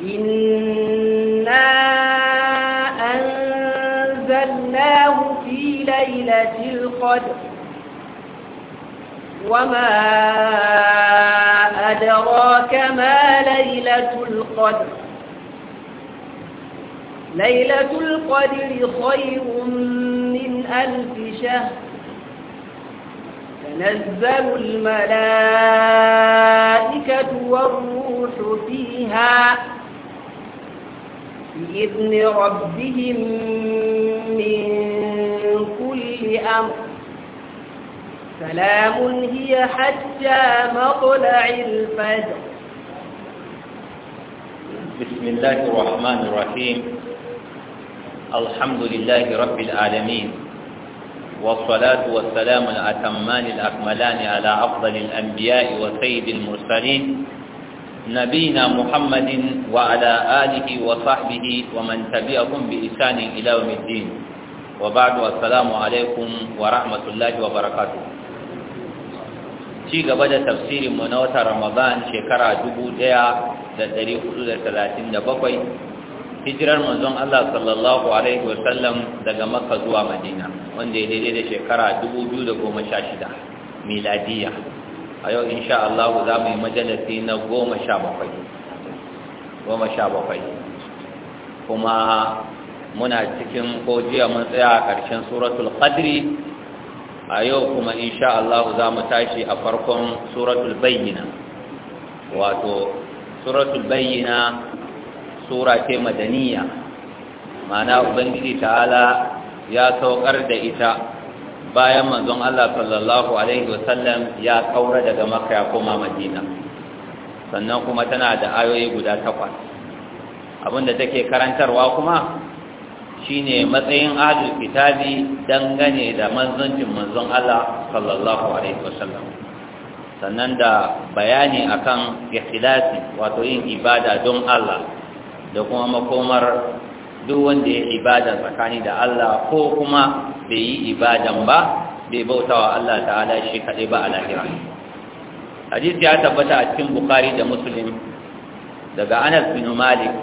إنا أنزلناه في ليلة القدر وما أدراك ما ليلة القدر ليلة القدر خير من ألف شهر تنزل الملائكة والروح فيها بإذن ربهم من كل أمر سلام هي حتى مطلع الفجر بسم الله الرحمن الرحيم الحمد لله رب العالمين والصلاة والسلام الأتمان الأكملان على أفضل الأنبياء وسيد المرسلين نبينا محمد وعلى آله وصحبه ومن تبعهم بإحسان إلى يوم الدين وبعد والسلام عليكم ورحمة الله وبركاته ci gaba da tafsirin mu na watan Ramadan shekara 1437 hijirar manzon Allah sallallahu alaihi wasallam daga Makka zuwa Madina wanda ya daidai da shekara 2016 miladiya a yau insha Allah za mu yi majalisi na goma sha bakwai goma sha bakwai kuma muna cikin ko jiya mun tsaya a ƙarshen suratul qadri a yau kuma insha Allah za mu tashi a farkon suratul bayyina wato suratul bayyina sura ce madaniya ma'ana ubangiji ta'ala ya saukar da ita bayan manzon Allah sallallahu alaihi wasallam ya kaura daga Makka ya koma Madina sannan kuma tana da ayoyi guda takwas abinda take karantarwa kuma shine matsayin ahlul kitabi dangane da manzancin manzon Allah sallallahu alaihi wasallam sannan da bayani akan ikhlasi wato yin ibada don Allah da kuma makomar duk wanda ya ibada tsakani da Allah ko kuma bai yi ibadan ba bai bautawa Allah ta'ala shi kaɗai ba a lahira ya tabbata a cikin bukari da muslim daga anas bin malik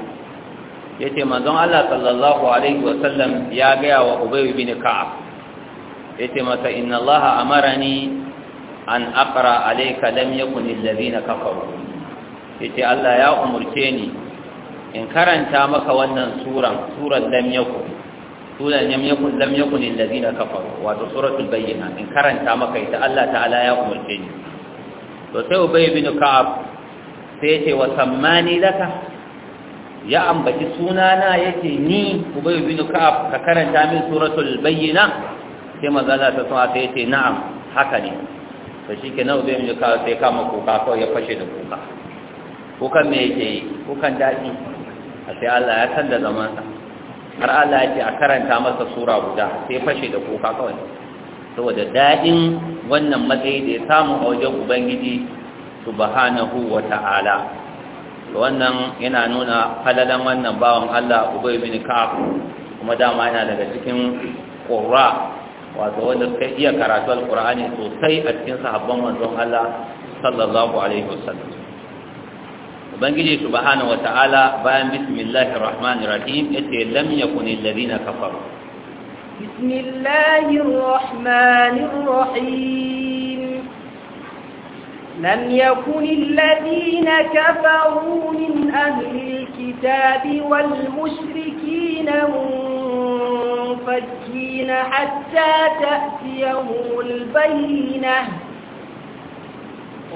ya ce manzon Allah sallallahu alaihi wasallam ya gaya wa ubai bin ka'ab ya ce masa inna Allah amarani an aqra alayka lam yakun allazina kafaru yace Allah ya umurce ni in karanta maka wannan suran suran lam yakun sura lam yakun allazina kafaru wato suratul bayyina in karanta maka ita Allah ta'ala ya umurce ni to sai ubay bin ka'ab sai yace wa sammani laka ya ambaci sunana yace ni ubay bin ka'ab ka karanta min suratul bayyina sai manzala ta sa sai yace na'am haka ne to shikenan ubay bin ka'ab sai kama kuka kawai ya fashe da kuka kukan me yake yi kukan daɗi a sai Allah ya sanda zamansa har Allah ya ce a karanta masa sura guda sai fashe da kuka kawai saboda daɗin wannan matsayi da ya samu a wajen ubangiji subhanahu wa ta'ala wannan yana nuna halalan wannan bawan Allah ubay bin ka'ab kuma dama yana daga cikin qurra wato wanda suka iya karatu alqur'ani sosai a cikin sahabban manzon Allah sallallahu alaihi wasallam ubangiji subhanahu wa ta'ala bayan bismillahir rahmanir rahim yace lam yakun alladhina kafaru bismillahir rahmanir rahim lam yakun alladhina kafaru min ahli alkitabi wal mushrikeen munfakkina hatta ta'tiyahum albayyinah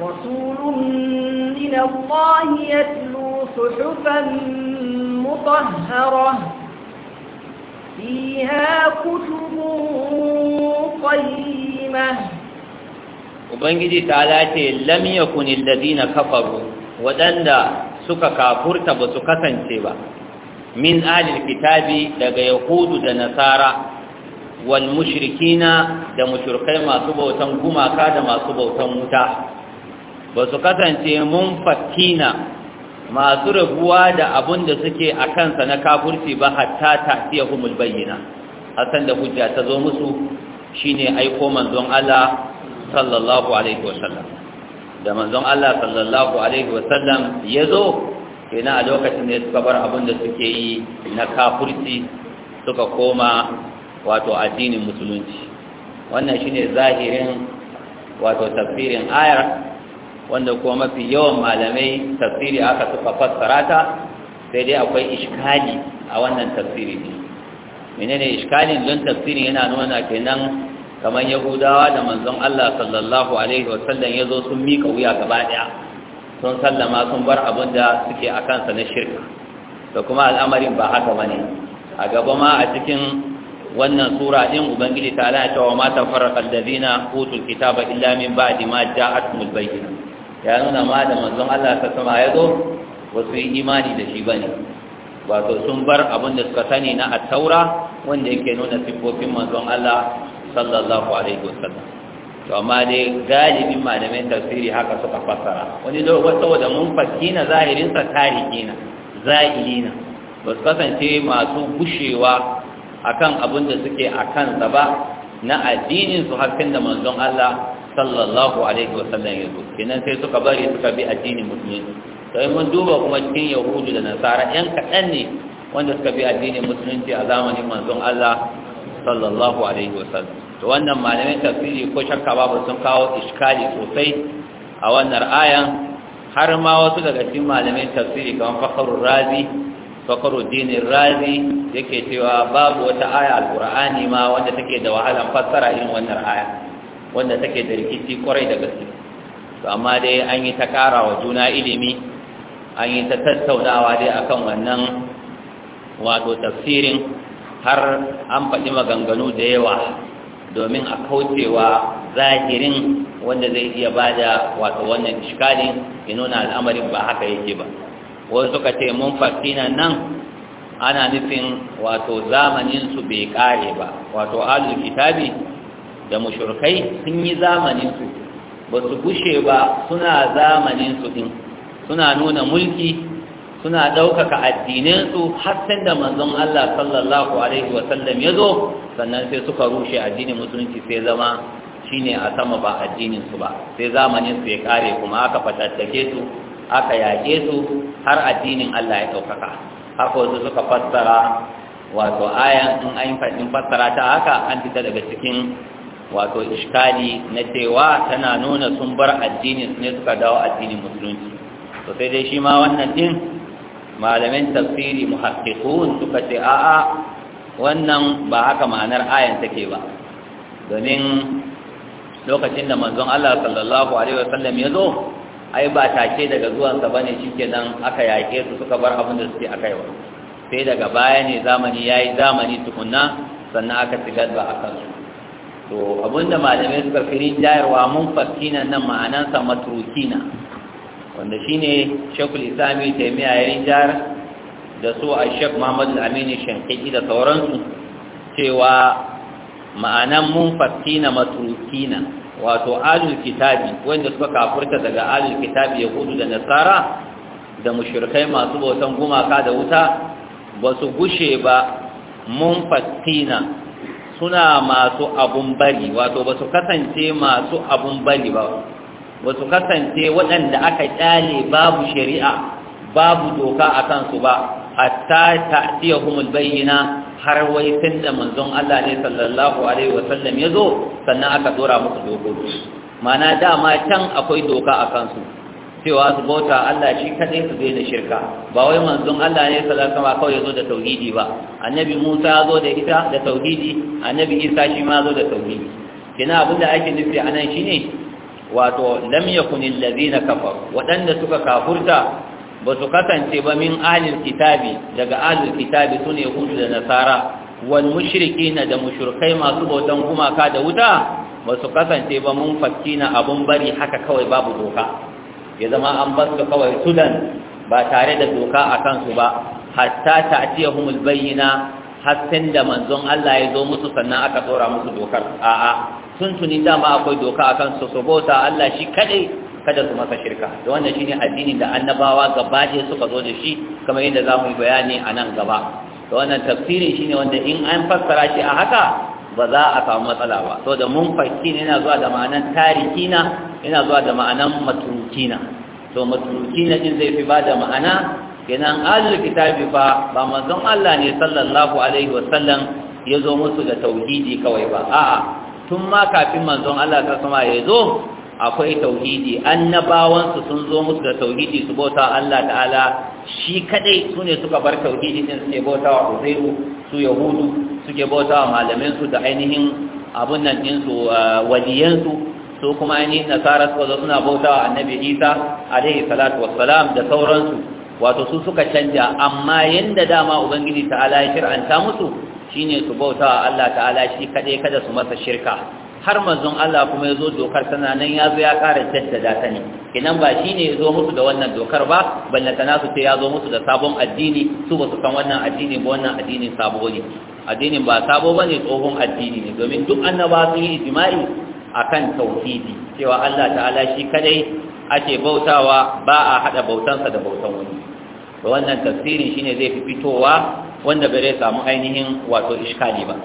رسول من الله يتلو صحفا مطهرة فيها كتب قيمة Ubangiji ta lace lam yakun alladhina kafaru wadanda suka kafurta ba su kasance ba min alil kitabi daga yahudu da nasara wal mushrikina da mushrikai masu bautan gumaka da masu bautan wuta ba su kasance mun fatina masu rabuwa da abun da suke a kansa na kafurci ba hatta ta siya humul bayyana hasan da hujja ta zo musu shine aiko manzon Allah sallallahu alaihi wasallam da manzon Allah sallallahu alaihi wasallam ya zo kina a lokacin da suka bar abun da suke yi na kafurci suka koma wato addinin musulunci wannan shine zahirin wato tafsirin ayar wanda kuma mafi yawan malamai tafsiri aka suka fassara ta sai dai akwai iskali a wannan tafsiri ne menene iskalin don tafsirin yana nuna kenan kamar yahudawa da manzon Allah sallallahu alaihi wasallam yazo sun mika wuya gaba daya sun sallama sun bar abin da suke a kansa na shirka da kuma al'amarin ba haka bane a gaba ma a cikin wannan sura din ubangiji ta ala ta wa mata farqal ladina utul kitaba illa min ba'di ma ja'atumul bayyinah ya nuna ma da manzon Allah ta sama ya zo wasu yi imani da shi ba wato sun bar abin da suka sani na taura, wanda yake nuna sifofin manzon Allah sallallahu alaihi wasallam to amma dai galibin malamin tafsiri haka suka fassara wani wato saboda mun fakki na zahirin sa tarihi na zahiri na ba kasance masu gushewa akan abin da suke akan sa ba na addinin su hakkin da manzon Allah sallallahu alaihi wasallam ya zo kenan sai suka bari suka bi addinin musulunci sai mun duba kuma cikin yahudu da nasara yan kaɗan ne wanda suka bi addinin musulunci a zamanin manzon Allah sallallahu alaihi wasallam to wannan malamin tafsiri ko shakka babu sun kawo iskali sosai a wannan ayan har ma wasu daga cikin malamin tafsiri kamar fakarur razi fakarudin razi yake cewa babu wata aya alqur'ani ma wanda take da wahalan fassara irin wannan aya wanda take da rikici kwarai da gaske to amma dai an yi ta ƙara wa juna ilimi an yi ta tattaunawa dai akan wannan wato tafsirin har an faɗi maganganu da yawa domin a kaucewa zahirin wanda zai iya ba da wato wannan iskalin ya nuna al'amarin ba haka yake ba wasu suka ce mun fakina nan ana nufin wato su bai kare ba wato alul kitabi da mushrikai sun yi zamanin su ba su gushe ba suna zamanin su din suna nuna mulki suna ɗaukaka addinin su har sai da manzon Allah sallallahu alaihi wa sallam ya zo sannan sai suka rushe addinin musulunci sai zama shine a sama ba addinin su ba sai zamanin su ya kare kuma aka fatattake su aka yaƙe su har addinin Allah ya daukaka haka wasu suka fassara wato ayan in an fassara ta haka an fita daga cikin wato iskali na cewa tana nuna sun bar addini ne suka dawo addini musulunci to sai dai shi ma wannan din malamin tafsiri muhaqqiqun suka ce a'a wannan ba haka ma'anar ayan take ba domin lokacin da manzon Allah sallallahu alaihi wasallam ya zo ai ba take daga zuwansa bane shikenan aka yake su suka bar abin da suke yi wa sai daga baya ne zamani yayi zamani tukunna sannan aka tigar ba akan su to abinda malamai suka fi jayarwa mun fassina nan ma'anansa matrukina wanda shine shekul islami taimiyya ya jar da su a shek muhammadu aminu shankaki da sauransu cewa ma'anan mun fassina matrukina wato alul kitabi wanda suka kafurta daga alul kitabi ya gudu da nasara da mushirkai masu bautan gumaka da wuta ba su gushe ba mun fassina suna masu abun bari wato ba su kasance masu abun bari ba ba su kasance waɗanda aka ɗale babu shari'a babu doka a kansu ba hatta ta ta'tiyahumul bayyana har wai tun da manzon Allah ne sallallahu alaihi wasallam ya zo sannan aka dora musu dokoki mana dama can akwai doka a kansu cewa su bauta Allah shi kadai su daina shirka ba wai manzon Allah ne sallallahu alaihi wasallam kawai zo da tauhidi ba annabi Musa ya zo da ita da tauhidi annabi Isa shi ma zo da tauhidi kina da ake nufi anan shine wato lam yakunil ladina kafaru wadanda suka kafurta ba su kasance ba min ahlil kitabi daga ahlil kitabi sune yahudu da nasara wal mushrikina da mushrikai masu bautan gumaka da wuta ba su kasance ba mun fakkina abun bari haka kawai babu doka ya zama an su kawai sudan ba tare da doka a kansu ba hatta ta atiya humul bayyana har sai da manzon Allah ya zo musu sannan aka tsora musu dokar a'a sun tuni dama akwai doka a kansu saboda Allah shi kadai kada su masa shirka da wannan shine addini da annabawa gaba ɗaya suka zo da shi kamar yadda za mu bayani a nan gaba da wannan tafsirin shine wanda in an fassara shi a haka ba za a samu matsala ba so da munfakin yana zuwa da ma'anan tarihina, yana zuwa da ma'anan matrukina to matrukina din zai fi ba da ma'ana kenan ahlul kitabi ba ba manzon Allah ne sallallahu alaihi ya yazo musu da tauhidi kawai ba a'a tun ma kafin manzon Allah ta ya yazo akwai tauhidi annabawansu sun zo musu da tauhidi su bauta Allah ta'ala shi kadai su ne suka bar tauhidi din suke bauta wa Uzairu su Yahudu suke bauta wa da ainihin abun nan din su su su kuma ainihin nasara su zo suna bauta wa Annabi Isa alaihi salatu wassalam da sauransu wato su suka canja amma yanda dama ubangiji ta'ala ya shir'anta musu shine su bauta wa Allah ta'ala shi kadai kada su masa shirka har manzon Allah kuma ya zo dokar tana nan ya zo ya ƙara da ta ne inan ba shi ne ya zo musu da wannan dokar ba ballantana su ce ya zo musu da sabon addini su ba su kan wannan addini ba wannan addinin sabo ne addinin ba sabo ba ne tsohon addini ne domin duk annaba sun yi ijma'i akan tauhidi cewa Allah ta'ala shi kadai ake bautawa ba a hada bautansa da bautan wani wannan tafsirin shine zai fi fitowa wanda bare samu ainihin wato iskali ba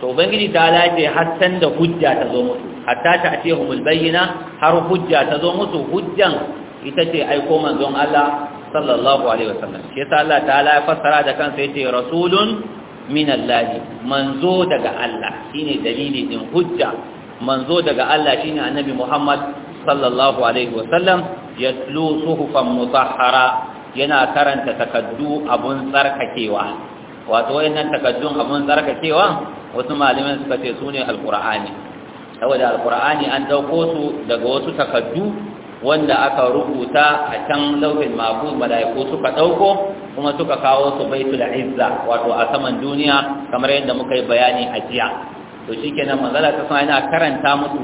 to ubangiji ta lace har san da hujja ta zo musu hatta ta ce humul bayyina har hujja ta zo musu hujjan ita ce aiko manzon Allah sallallahu alaihi wasallam shi yasa Allah ta'ala ya fassara da kansa yace rasulun min Allah manzo daga Allah shine dalili din hujja manzo daga Allah shine annabi Muhammad sallallahu alaihi wasallam yatlu suhufan mutahhara yana karanta takaddu abun tsarkakewa wato wayannan takaddun abun tsarkakewa wasu malamai suka ce su ne alkur'ani saboda alkur'ani an ɗauko su daga wasu takaddu wanda aka rubuta a can laufin mahfuz malaiku suka dauko kuma suka kawo su da izza wato a saman duniya kamar yadda muka yi bayani a jiya to kenan, manzala ta sama yana karanta musu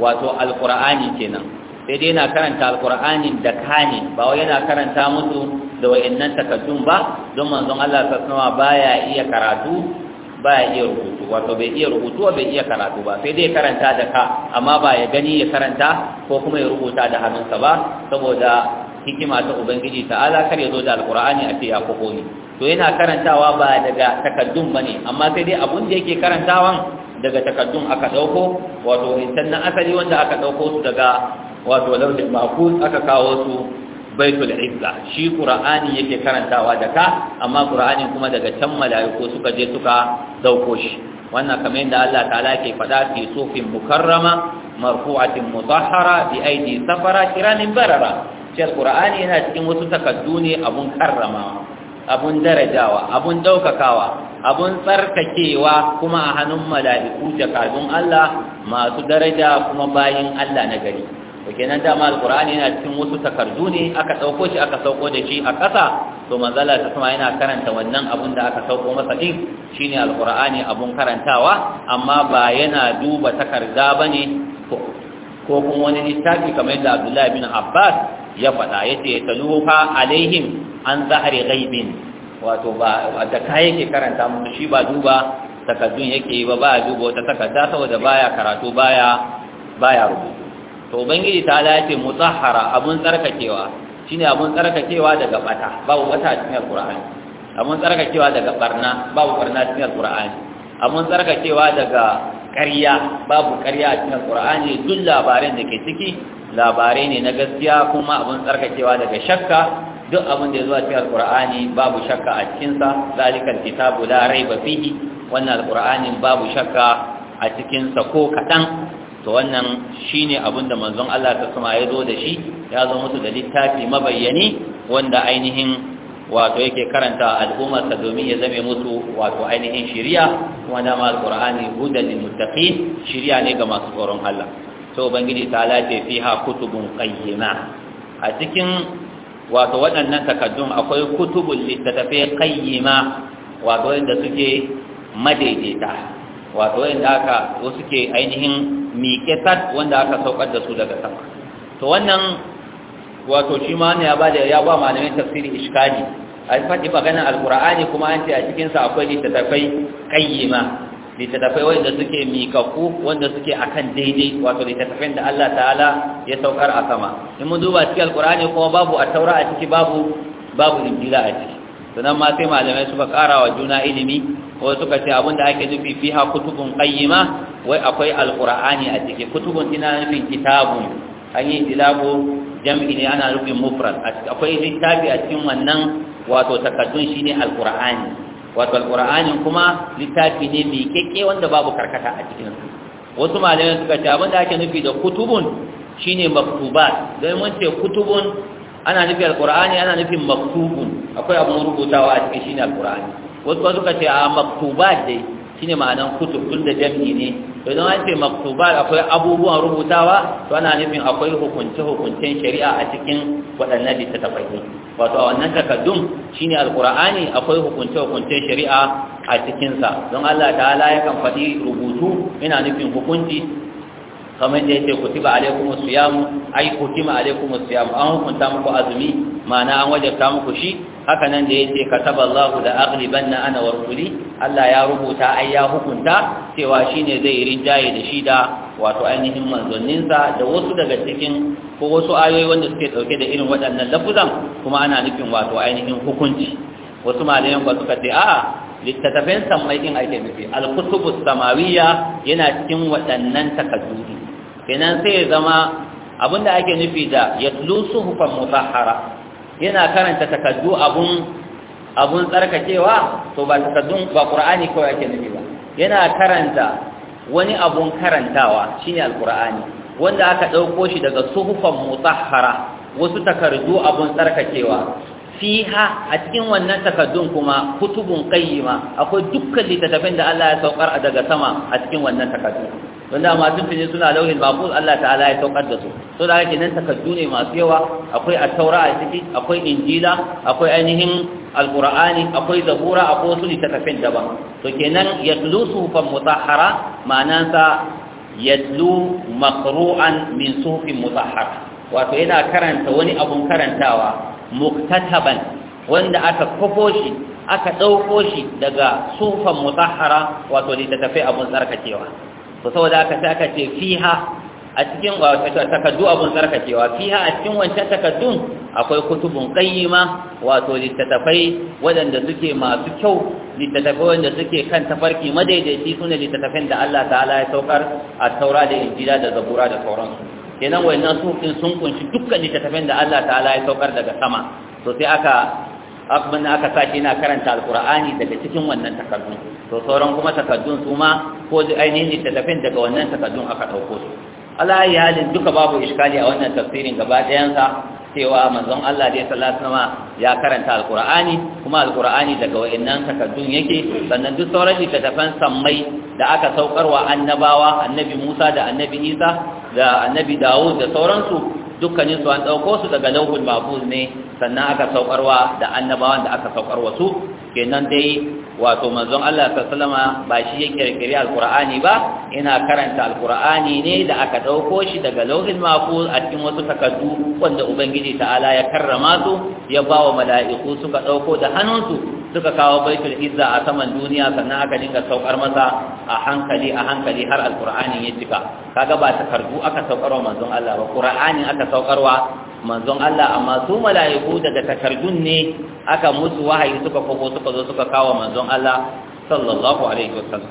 wato alkur'ani kenan sai dai yana karanta alkur'ani da kane ba wai yana karanta musu da wayannan takaddun ba don manzon Allah ta sama baya iya karatu Ba ya iya rubutu wato bai iya rubutu bai iya karatu ba sai dai karanta da ka amma ba ya gani ya karanta ko kuma ya rubuta da hannunsa ba saboda hikima ta ubangiji ta'ala kar ya zo da alqur'ani a ce ya to yana karantawa ba daga takaddun bane amma sai dai abun da yake karantawan daga takaddun aka dauko wato sannan asali wanda aka dauko su daga wato lauhin mahfuz aka kawo su baitul izza shi qur'ani yake karantawa da ka amma qur'anin kuma daga can malaiku suka je suka dauko shi wannan kamar yadda Allah ta'ala ke faɗa fi sufin mukarrama marfu'atin mutahhara bi aidi safara kiranin barara shi qur'ani yana cikin wasu takaddu ne abun karrama abun darajawa abun daukakawa abun tsarkakewa kuma a hannun mala'iku jakadun Allah masu daraja kuma bayin Allah na gari Bakinan kenan dama alqur'ani yana cikin wasu takardu ne aka dauko shi aka sauko da shi a ƙasa to manzala ta kuma yana karanta wannan abun da aka sauko masa din shine alqur'ani abun karantawa amma ba yana duba takarda bane ko kuma wani littafi kamar yadda Abdullahi bin Abbas ya faɗa yace taluha alaihim an zahari ghaibin wato ba da kai yake karanta musu shi ba duba takardun yake ba ba duba wata takarda saboda baya karatu baya baya rubutu to bangiji ta ala ce mutahhara abun tsarkakewa shine abun tsarkakewa daga bata babu bata cikin alqur'ani abun tsarkakewa daga barna babu barna cikin alqur'ani abun tsarkakewa daga ƙarya babu ƙarya cikin alqur'ani duk labarin da ke ciki labarai ne na gaskiya kuma abun tsarkakewa daga shakka duk abin da ya zo a cikin alqur'ani babu shakka a cikin sa zalikal kitabu la raiba fihi wannan alqur'ani babu shakka a cikin sa ko kadan to wannan ne abin da manzon Allah ta sama ya zo da shi ya zo musu da littafi mabayyani wanda ainihin wato yake karanta al'umma ta domin ya zame musu wato ainihin shiriya kuma da ma alqur'ani hudan lil muttaqin shiriya ne ga masu tsoron Allah to ubangiji ta lafe fiha kutubun qayyima a cikin wato waɗannan takaddun akwai kutubul littattafai qayyima wato wanda suke madaidaita wato wanda aka suke ainihin miƙetat wanda aka saukar da su daga sama to wannan wato shi ma ya ba da ya ba malamin tafsiri iskali a faɗi maganin alkur'ani kuma an ce a cikinsa akwai littattafai ƙayyima littattafai wanda suke miƙaƙu wanda suke akan daidai wato littattafin da Allah ta'ala ya saukar a sama in mun duba cikin alkur'ani kuma babu a taura a ciki babu babu injila a ciki sannan ma sai malamai su ƙara wa juna ilimi ko suka ce abinda ake nufi fiha kutubun qayyima wai akwai alqur'ani a ciki kutubun ina nufin kitabun an yi dilabo jam'i ne ana nufin mufrad akwai littafi a cikin wannan wato takaddun shine alqur'ani wato alqur'ani kuma littafi ne mai kekke wanda babu karkata a cikin wasu malamai suka ce abinda ake nufi da kutubun shine maktubat don mun ce kutubun ana nufin alqur'ani ana nufin maktubun akwai abun rubutawa a cikin shine alqur'ani wasu ba suka ce a maktubat dai shine ma'anan kutub tun da jam'i ne to idan an ce maktubat akwai abubuwan rubutawa to ana nufin akwai hukunce hukuncen shari'a a cikin waɗannan littattafai wato a wannan shi shine Alƙur'ani? akwai hukunce hukuncen shari'a a cikin sa don Allah ta'ala yakan faɗi rubutu yana nufin hukunci kamar da yake kutiba alaikum siyamu ai kutima alaikum siyamu an hukunta muku azumi ma'ana an wajabta muku shi haka nan da yake kataba Allahu da aghlibanna ana wa rusuli Allah ya rubuta ai ya hukunta cewa shine zai rinjaye da shi da wato ainihin manzonninsa da wasu daga cikin ko wasu ayoyi wanda suke dauke da irin waɗannan lafuzan kuma ana nufin wato ainihin hukunci wasu malayan ba suka ce a'a littattafin samaikin ake nufi alkutubus samawiyya yana cikin waɗannan takaddu kenan sai ya zama abinda ake nufi da yatlu suhufan mutahhara yana karanta takaddu abun abun tsarkakewa to ba takaddun ba qur'ani kawai ake nufi ba yana karanta wani abun karantawa shine alqur'ani wanda aka dauko shi daga suhufan mutahhara wasu takardu abun tsarkakewa fiha a cikin wannan takaddun kuma kutubun qayyima akwai dukkan littattafan da Allah ya saukar daga sama a cikin wannan takaddun wanda masu tun suna lauhin mafuz Allah ta'ala ya saukar da su so da haka nan takaddu ne masu yawa akwai Attaura a ciki akwai injila akwai ainihin alkur'ani akwai zabura akwai wasu littafin daban to kenan Yadlu suhufan mutahhara ma'anansa yatlu maqru'an min sufin mutahhara wato yana karanta wani abun karantawa muktataban wanda aka kofo shi aka ɗauko shi daga sufan musahara, wato littafai abun tsarkakewa to saboda aka sai ce fiha a cikin takaddu abun tsarkakewa fiha a cikin wancan takaddun akwai kutubun qayyima wato littattafai waɗanda suke masu kyau littattafai wanda suke kan tafarki madaidaici sune littattafan da Allah ta'ala ya saukar a taura da injila da zabura da sauransu kenan wayannan su sun kunshi dukkan littattafan da Allah ta'ala ya saukar daga sama to sai aka abin da aka sashi yana karanta alkur'ani daga cikin wannan takardun to sauran kuma takardun su ma ko ainihin littattafin daga wannan takardun aka ɗauko su ala halin duka babu iskali a wannan tafsirin gaba ɗayansa cewa manzon Allah dai sallallahu alaihi ya karanta alkur'ani kuma alkur'ani daga wayannan takardun yake sannan duk sauran littattafan sammai da aka saukarwa annabawa annabi Musa da annabi Isa da annabi Dawud da sauransu dukkanin su an ɗauko su daga lauhul mahfuz ne sannan aka saukarwa da annabawan da aka saukarwa su kenan dai wato manzon Allah sallama ba shi ya kirkiri alqur'ani ba ina karanta alqur'ani ne da aka dauko shi daga lauhin mahfuz a cikin wasu takaddu wanda ubangiji ta'ala ya karrama su ya bawa mala'iku suka dauko da hannunsu suka kawo baitul izza a saman duniya sannan aka dinga saukar masa a hankali a hankali har alqur'ani ya cika kaga ba takardu aka saukarwa manzon Allah ba qur'anin aka saukarwa manzon Allah amma su mala'iku daga takardun ne aka musu wahayi suka kofo suka zo suka kawo manzon Allah sallallahu alaihi wasallam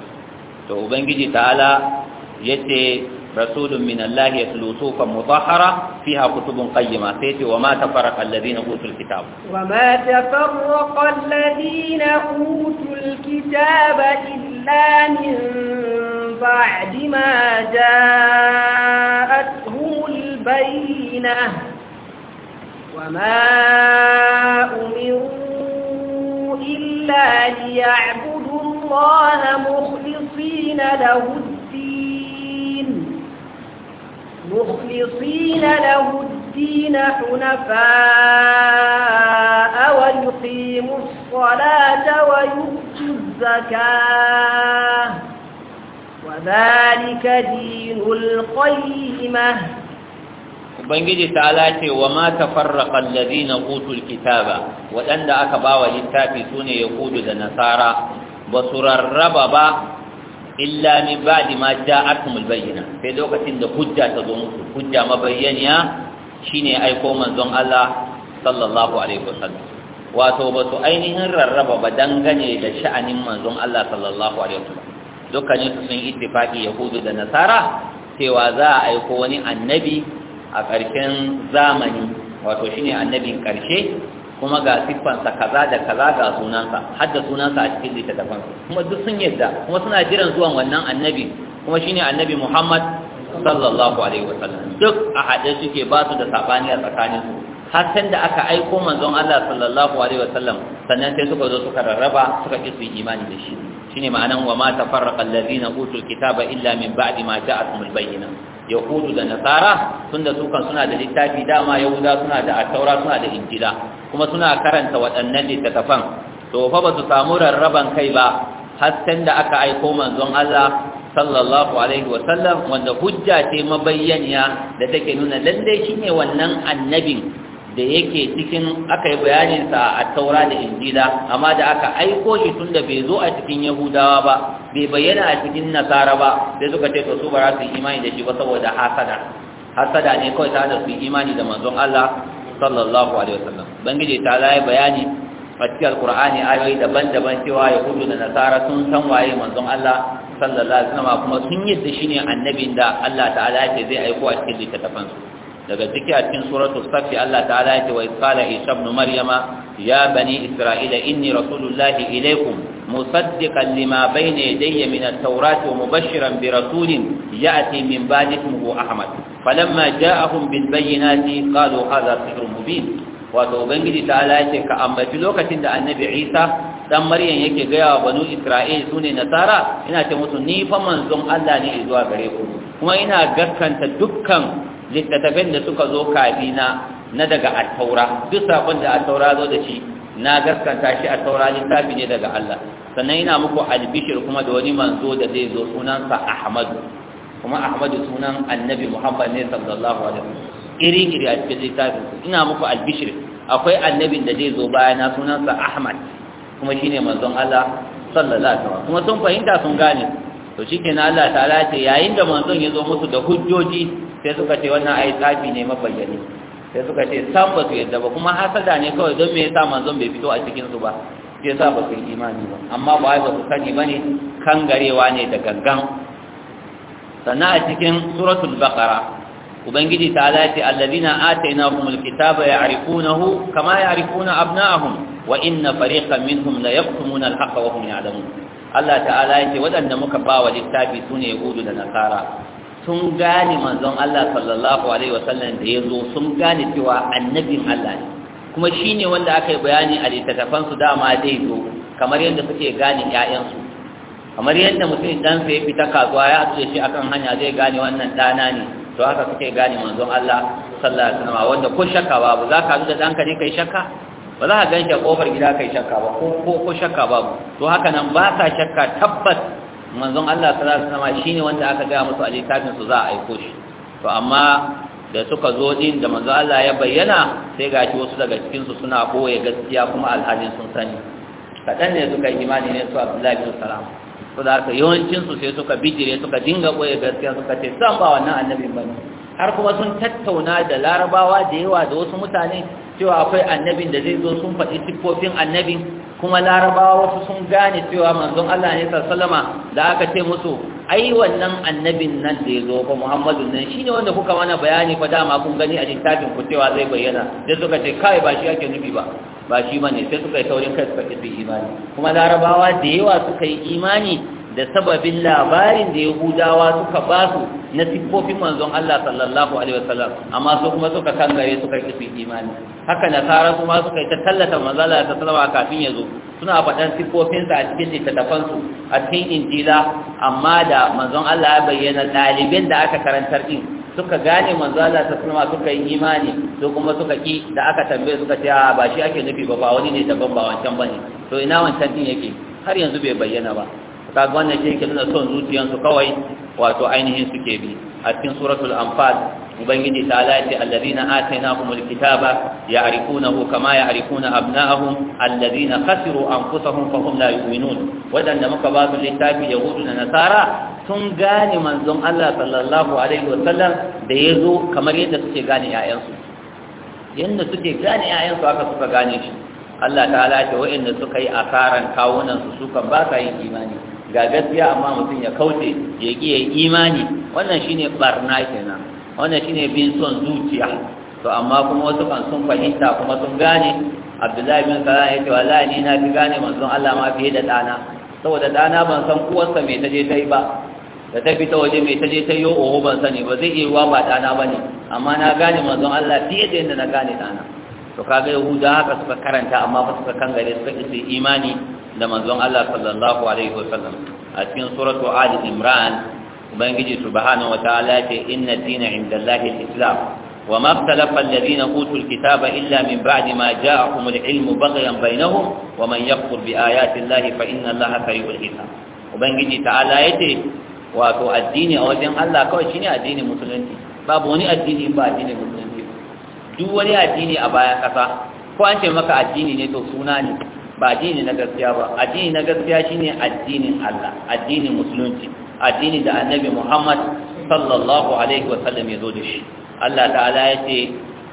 to ubangiji ta'ala yace rasulun min Allah yatlu sufan mutahhara fiha kutubun qayyima sai yace wa ma tafarraqa alladhina utul kitab Wama ma tafarraqa alladhina utul kitaba illa min ba'di ma ja'atuhum al-bayyinah وما أمروا إلا ليعبدوا الله مخلصين له الدين مخلصين له الدين حنفاء ويقيموا الصلاة ويؤتوا الزكاة وذلك دين القيمة ubangiji Ta'ala ce wa ma tafarraqa alladhina utul kitaba wadanda aka bawa littafi sune yahudu da nasara ba su rarraba ba illa min ba'di ma ja'atuhumul bayyina sai lokacin da hujja ta zo musu hujja mabayyaniya shine aiko manzon Allah sallallahu alaihi wasallam wato ba su ainihin rarraba ba dangane da sha'anin manzon Allah sallallahu alaihi wasallam dukkanin su sun ittifaqi yahudu da nasara cewa za a aiko wani annabi a ƙarshen zamani wato shine annabin ƙarshe kuma ga siffansa kaza da kaza ga sunansa har da sunansa a cikin littattafan kuma duk sun yadda kuma suna jiran zuwan wannan annabi kuma shine annabi Muhammad sallallahu alaihi wasallam duk a hade suke ba su da sabani a tsakanin su har san da aka aiko manzon Allah sallallahu alaihi wasallam sannan sai suka zo suka rarraba suka ki su imani da shi shine ma'anan wa ma tafarraqa allazina utul kitaba illa min ba'di ma ja'atuhumul bayyinah yahudu da nasara tunda su kan suna da littafi dama yahuda suna da attaura suna da injila kuma suna karanta waɗannan littattafan to fa ba su samu rarraban kai ba har da aka aiko manzon Allah sallallahu alaihi wa sallam wanda hujja ce mabayyaniya da take nuna lalle shine wannan annabin da yake cikin aka yi bayaninsa a taura da injila amma da aka aiko shi tun da bai zo a cikin yahudawa ba bai bayyana a cikin nasara ba sai suka ce to su ba su yi imani da shi ba saboda hasada hasada ne kawai ta da su yi imani da manzon Allah sallallahu alaihi wasallam bangije ta laye bayani a cikin alkur'ani ayoyi daban-daban cewa yahudu da nasara sun san waye manzon Allah sallallahu alaihi wasallam kuma sun yi da shi ne annabin da Allah ta'ala ya ce zai aiko a cikin littattafansu daga ciki a cikin suratu safi Allah ta'ala ya ce wa isqala isa ibn maryama ya bani isra'ila inni rasulullahi ilaykum musaddiqan lima bayna yadayya min at-taurati wa mubashiran bi rasulin ya'ti min ba'di ismihi ahmad falamma ja'ahum bil bayyinati qalu hadha sihrun mubin wato ubangiji ta'ala ya ce ka ambaci lokacin da annabi isa dan maryam yake gaya wa banu isra'il sune nasara ina ce musu ni fa manzon Allah ne zuwa gare ku kuma ina gaskanta dukkan littattafan da suka zo kafina na daga attaura duk sabon da attaura zo da shi na gaskanta shi taura littafi ne daga Allah sannan ina muku albishir kuma da wani manzo da zai zo sunansa Ahmadu kuma Ahmadu sunan Annabi Muhammad ne sallallahu alaihi wasallam iri iri a cikin littafin ina muku albishir akwai annabin da zai zo bayana sunansa Ahmad kuma shine manzon Allah sallallahu alaihi wasallam kuma sun fahimta sun gane to shikenan Allah ta'ala ce yayin da manzon ya zo musu da hujjoji sai suka ce wannan ai tsafi ne mabayyani sai suka ce san ba su yadda ba kuma hasada ne kawai don me yasa manzon bai fito a cikin su ba sai yasa ba su yi imani ba amma ba ai ba su sani bane kangarewa ne da gangan sannan a cikin suratul baqara ubangiji ta lati allazina atainahumul kitaba ya'rifunahu kama ya'rifuna abna'ahum wa inna fariqan minhum la yaqtumuna al-haqqa wa hum ya'lamun Allah ta'ala yake waɗanda muka ba wa littafi sune ne yahudu da nasara sun gane manzon Allah sallallahu alaihi wasallam da ya zo sun gane cewa annabin Allah ne kuma shi ne wanda aka yi bayani a littattafansu dama zai zo kamar yadda suke gane 'ya'yansu kamar yadda mutum ɗansa ya fita kasuwa ya haɗu shi akan hanya zai gane wannan dana ne to haka suke gane manzon Allah sallallahu alaihi wasallam wanda ko shakka babu za ka da ɗanka ne kai shakka ba za a gan shi a kofar gida kai shakka ba ko ko ko shakka babu to haka nan ba sa shakka tabbas manzon Allah sallallahu alaihi wasallam shine wanda aka ga musu a littafin su za a aiko shi to amma da suka zo din da manzo Allah ya bayyana sai gashi wasu daga cikin su suna boye gaskiya kuma alhalin sun sani kadan ne suka yi imani ne su Abdullahi bin Salam to da haka yawancinsu su sai suka bijire suka dinga boye gaskiya suka ce san ba wannan annabi bane har kuma sun tattauna da Larabawa da yawa da wasu mutane cewa akwai annabin da zai zo sun faɗi siffofin annabin kuma larabawa wasu sun gane cewa manzon Allah ne sallama da aka ce musu ai wannan annabin nan da ya zo ba Muhammadu nan shine wanda kuka mana bayani fa dama kun gani a littafin ku cewa zai bayyana sai suka ce kai ba shi ake nufi ba ba shi bane sai suka yi taurin kai suka ƙi imani kuma larabawa da yawa suka yi imani da sababin labarin da yahudawa suka ba su na siffofin manzon Allah sallallahu alaihi wasallam amma su kuma suka kangare suka kifi imani haka nasara kuma suka yi ta tallata manzala ta sallama kafin ya zo suna faɗan siffofinsa a cikin littattafansu a cikin injila amma da manzon Allah ya bayyana ɗaliban da aka karantar din suka gane manzo Allah ta salama suka yi imani to kuma suka ki da aka tambaye suka ce ba shi ake nufi ba ba wani ne daban ba wancan bane to ina wancan din yake har yanzu bai bayyana ba kaga wannan shi yake nuna son zuciyansu kawai wato ainihin suke bi a cikin suratul anfal ubangiji ta lati allazina atainahumul kitaba ya'rifunahu kama ya'rifuna abna'ahum allazina khasiru anfusahum fa hum la yu'minun wadanda muka ba su littafi yahudu da nasara sun gane manzon Allah sallallahu alaihi wasallam da yazo kamar yadda suke gane yayansu yanda suke gane yayansu aka suka gane shi Allah ta'ala ce wa'anda suka yi asaran kawunan su suka ba sa yin imani ga gaskiya amma mutum ya kauce ya ki ya imani wannan shine barna kenan wannan shine bin son zuciya to amma kuma wasu kan sun fahimta kuma sun gane abdullahi bin salam ya ce wallahi ni na fi gane manzon Allah ma fiye da dana saboda dana ban san uwarsa me ta je ta yi ba da ta fita waje me ta je ta yi oho ban sani ba zai iya ba dana ba ne amma na gane manzon Allah fiye da yadda na gane dana to kaga yahuda haka suka karanta amma ba suka kangare suka isa imani da manzon Allah sallallahu alaihi wasallam a cikin suratu ali imran ubangiji subhanahu wataala ce inna dina indallahi alislam وما اختلف الذين أوتوا الكتاب إلا من بعد ما جاءهم العلم بغيا بينهم ومن يكفر بآيات الله فإن الله سريع الحساب وبنجي تعالى يتي واتو الدين أو دين الله كو شيني الدين مسلمتي babu wani addini ba addini musulunci duk wani addini a bayan kasa ko an ce maka addini ne to suna ne ba addini na gaskiya ba addini na gaskiya shine addinin Allah addinin musulunci addini da annabi Muhammad sallallahu alaihi wa sallam ya zo da shi Allah ta'ala ya ce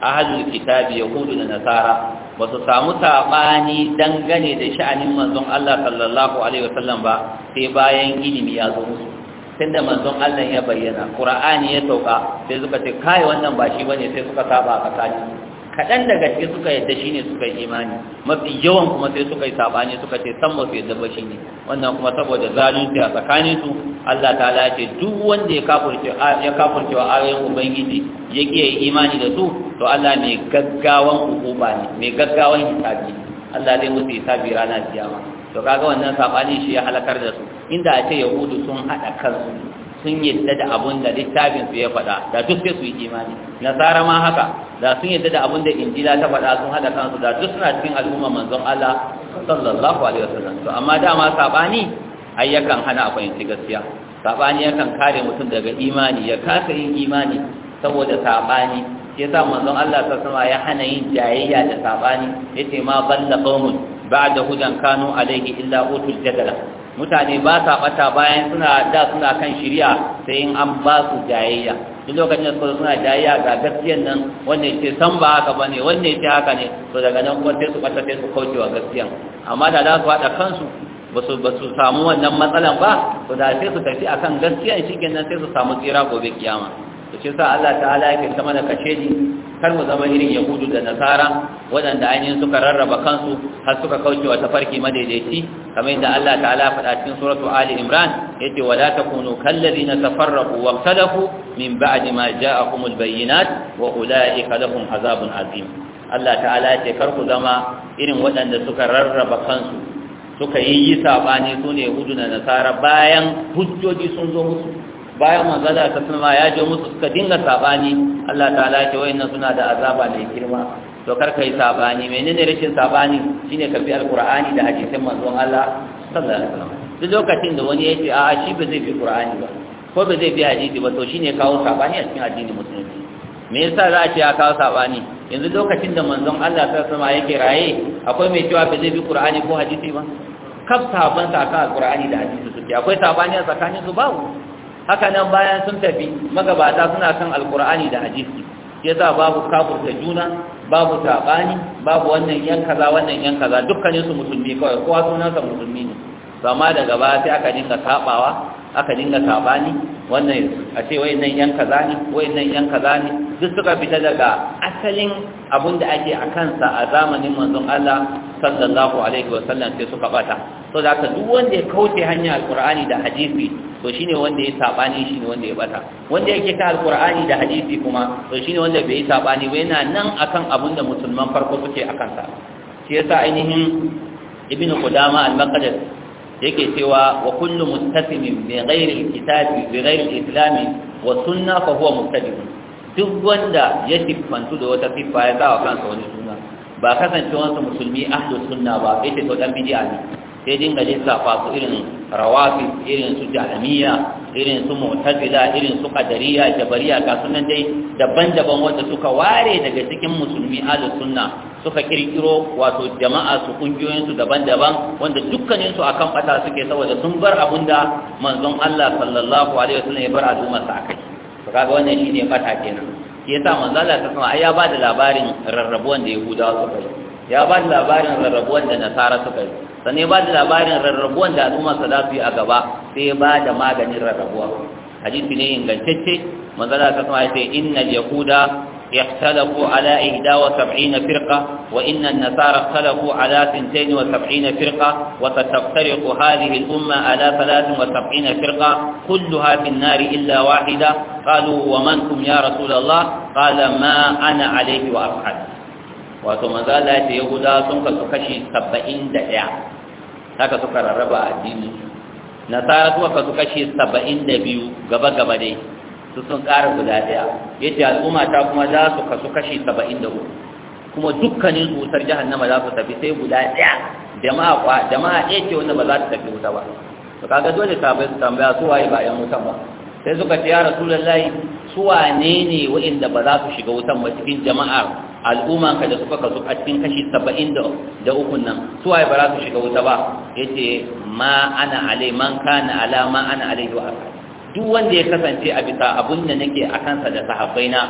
ahlul kitabi yahudu da nasara ba su samu sabani dangane da sha'anin manzon Allah sallallahu alaihi wa sallam ba sai bayan ilimi ya zo musu tunda manzon Allah ya bayyana Qur'ani ya sauka sai suka ce kai wannan ba shi bane sai suka saba a tsakani kaɗan daga cikin suka yadda ne suka yi imani mafi yawan kuma sai suka yi saɓani suka ce san ba su yadda ba shine wannan kuma saboda zalunci a tsakanin su Allah ta'ala ce duk wanda ya kafurce ya wa ayoyin ubangiji ya yi imani da su to Allah mai gaggawan hukuma ne mai gaggawan hisabi Allah zai musu hisabi ranar kiyama to kaga wannan saɓani shi ya halakar da su inda a ce yahudu sun haɗa kansu sun yadda da abun da littafin su ya faɗa da duk sai su yi imani nasara ma haka da sun yadda da abun da injila ta faɗa sun haɗa kansu da duk suna cikin al'umma manzon Allah sallallahu alaihi wasallam to amma dama sabani ai hana akwai shi gaskiya sabani yakan kare mutum daga imani ya kasa yin imani saboda sabani yasa manzon Allah sallallahu alaihi ya hana yin jayayya da sabani yace ma balla ba ba'da hudan kanu alaihi illa utul jadala mutane ba sa bata bayan suna da suna kan shirya sai in an ba su jayayya duk lokacin da suna jayayya ga gaskiyan nan wanne ce san ba haka bane wanne ce haka ne to daga nan kuma sai su bata sai su kauce wa gaskiyan amma da za su haɗa kansu ba su ba su samu wannan matsalan ba to da sai su tafi akan gaskiyan kenan sai su samu tsira gobe kiyama to shi sa Allah ta'ala yake ta mana ni kar mu zama irin yahudu da nasara waɗanda ainihin suka rarraba kansu har suka kauce wa tafarki madaidaici kamar yadda Allah ta'ala faɗa cikin suratu Ali Imran yace wala takunu kallazina tafarraqu wa ikhtalafu min ba'di ma ja'ahumul bayyinat wa ulaika lahum azabun azim Allah ta'ala yace kar ku zama irin waɗanda suka rarraba kansu suka yi yi sabani sune hudu na nasara bayan hujjoji sun zo musu bayan manzala ta sunma ya je musu suka dinga sabani Allah ta'ala yace wayannan suna da azaba mai girma to kar ka yi sabani menene rashin sabani shine ka bi alqur'ani da hadisin manzon Allah sallallahu alaihi wasallam duk lokacin da wani yace a'a shi ba zai bi qur'ani ba ko ba zai bi hadisi ba to shine kawo sabani a cikin addinin musulunci me yasa za a ce ya kawo sabani yanzu lokacin da manzon Allah sallallahu alaihi wasallam yake raye akwai mai cewa ba zai bi qur'ani ko hadisi ba kaf saban sa akan alqur'ani da hadisi suke akwai sabani a tsakanin su babu haka nan bayan sun tafi magabata suna kan alqur'ani da hadisi yasa babu kafurta juna babu taɓani, babu wannan yan kaza wannan yan kaza dukkanin su ne kawai kowa sunansa mutum ne amma daga ba sai aka dinga sabawa aka dinga sabani wannan a ce wayannan yan kaza ne wayannan yan kaza ne duk suka fita daga asalin abin da ake a kansa a zamanin manzon Allah sallallahu alaihi wasallam sai suka bata to da haka duk wanda ya kauce hanya alqur'ani da hadisi to shine wanda ya sabani shine wanda ya bata wanda yake ta alqur'ani da hadisi kuma to shine wanda bai yi sabani ba yana nan akan abin da musulman farko suke akan sa shi yasa ainihin ibnu qudama al-maqdis yake cewa wa kullu mustasimin bi ghairi alkitabi bi ghairi alislami wa sunna fa huwa mubtadi duk wanda ya tifantu da wata fifa ya sa kansa wani suna ba kasancewansa musulmi ahlu sunna ba yake to dan bid'a ne sai dinga lissafa su irin rawafi irin su jahamiya irin su mu'tazila irin su qadariya jabariya ga sunan dai daban-daban wanda suka ware daga cikin musulmi ahlus sunna suka kirkiro wato jama'a su kungiyoyinsu daban-daban wanda dukkaninsu a kan bata suke saboda sun bar abin da manzon Allah sallallahu alaihi wa sallam, ya bar al'ummarsa akai to kaga wannan shine bata kenan shi yasa manzon Allah ta sama ya ba da labarin rarrabuwan da Yahudawa suka yi ya ba da labarin rarrabuwan da Nasara suka yi sannan ya ba da labarin rarrabuwan da al'ummarsa za su yi a gaba sai ya ba da maganin rarrabuwa hadisi ne ingantacce manzon Allah ta sama ya ce innal yahuda اختلفوا على 71 فرقة وإن النصارى اختلفوا على 72 فرقة وستفترق هذه الأمة على 73 فرقة كلها في النار إلا واحدة قالوا ومنكم يا رسول الله قال ما أنا عليه وأفعل وثم ذلك يهودا سنك سكشي سبعين دعا haka suka rarraba addini nasara kuma suka kashi 72 gaba gaba dai su sun ƙara guda ɗaya ya ce al'umma ta kuma za su kasu kashi saba'in da hudu kuma dukkanin wutar jahannama za su tafi sai guda ɗaya jama'a kwa jama'a ɗaya ce wanda ba za ta tafi wuta ba to kaga dole sabai su tambaya su waye ba yan wutan ba sai suka ce ya rasulullahi su wane ne waɗanda ba za su shiga wutan ba cikin jama'a al'umma ka da suka kasu a cikin kashi saba'in da ukun nan waye ba za su shiga wuta ba ya ce ma ana alai man kana ala ma ana alai wa aka duk wanda ya kasance a bisa abun da nake a kansa da sahabbaina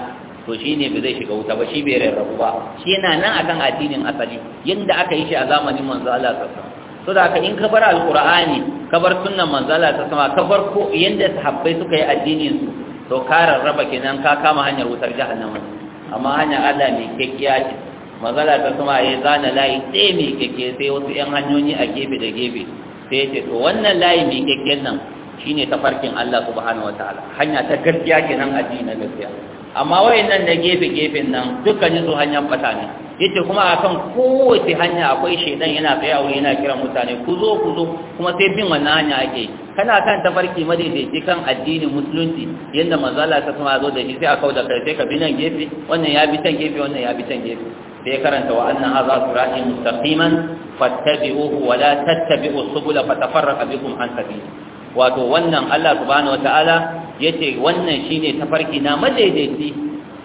to shi ne zai shiga wuta ba shi bai rarrabu ba shi yana nan akan addinin asali yadda aka yi shi a zamanin manzo Allah sallallahu alaihi wasallam haka in ka bar alqur'ani ka bar sunnan manzo Allah sallallahu alaihi ka bar ko yadda sahabbai suka yi addinin su to ka rarraba kenan ka kama hanyar wutar jahannama amma hanyar Allah mai kekkiya ce manzo Allah sallallahu alaihi ya zana layi sai mai kekke sai wasu 'yan hanyoyi a gefe da gefe sai ya ce to wannan layi mai kekken nan shine tafarkin Allah subhanahu wataala hanya ta gaskiya kenan addini na gaskiya amma wayannan na gefe-gefen nan dukkanin su hanyar fata ne yace kuma akan kowace hanya akwai shedan yana tsaye a wuri yana kiran mutane ku zo ku zo kuma sai bin wannan hanya ake kana kan tafarki madaidaici kan addinin musulunci yanda manzala ta kuma zo da shi sai a kauda kai ka bi nan gefe wannan ya bi can gefe wannan ya bi can gefe sai karanta wa anna hadha sirati mustaqiman fattabi'uhu wa la tattabi'us subula fatafarraqa bikum an sabili wato wannan Allah subhanahu wataala yace wannan shine tafarki na madaidaici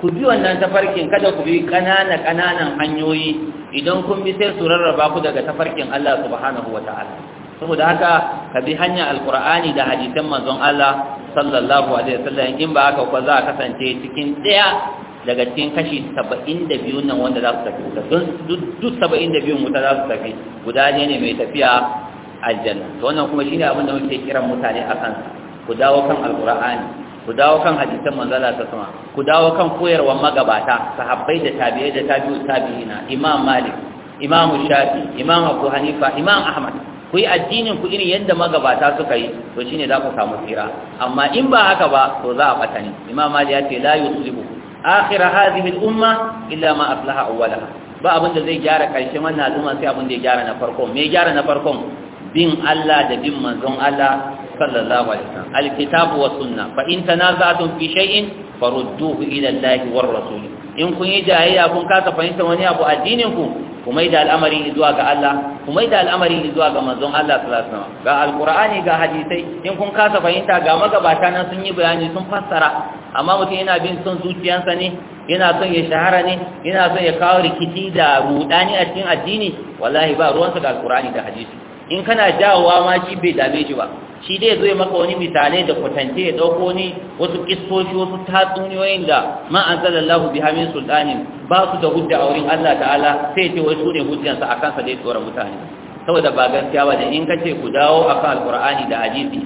ku bi wannan tafarkin kada ku bi kanana kananan hanyoyi idan kun bi sai su rarraba ku daga tafarkin Allah subhanahu wataala saboda haka ka bi hanya alqur'ani da hadisan manzon Allah sallallahu alaihi wasallam in ba haka ko za ka kasance cikin daya daga cikin kashi 72 nan wanda za su tafi don duk 72 wuta za su tafi guda ne ne mai tafiya aljanna to wannan kuma shine abin da muke kiran mutane a kansa ku dawo kan alqur'ani ku dawo kan hadisan manzala ta sama ku dawo kan koyarwar magabata sahabbai da tabi'ai da tabi'u tabi'ina imam malik imam shafi imam abu hanifa imam ahmad ku yi addinin ku irin yadda magabata suka yi to shine za ku samu tsira amma in ba haka ba to za a bata ne imam malik ya ce la yuslihu akhir hadhihi al-umma illa ma aslaha awwalaha ba abin da zai gyara karshen wannan al'umma sai abin da ya gyara na farkon. me gyara na farkon bin Allah da bin manzon Allah sallallahu alaihi wasallam alkitabu wa sunna fa in tanaza'tum fi shay'in farudduhu ila Allah war rasul in kun yi jayayya kun kasa fahimta wani abu addinin ku kuma da al'amari zuwa ga Allah kuma yi da al'amari zuwa ga manzon Allah sallallahu alaihi wasallam ga alqur'ani ga hadisai in kun kasa fahimta ga magabata nan sun yi bayani sun fassara amma mutum yana bin son zuciyarsa ne yana son ya shahara ne yana son ya kawo rikici da rudani a cikin addini wallahi ba ruwansa ga alqur'ani da hadisi in kana jawowa ma shi bai dame shi ba shi dai zai maka wani misalai da kwatance ya dauko ni wasu kisoshi wasu tatsuniyoyin da ma an lahu bi hamin sultanin ba su da hujja a wurin Allah ta'ala sai ce wai su ne hujjansa a kansa da ya mutane saboda ba gaskiya ba da in ka ce ku dawo akan alkur'ani da hadisi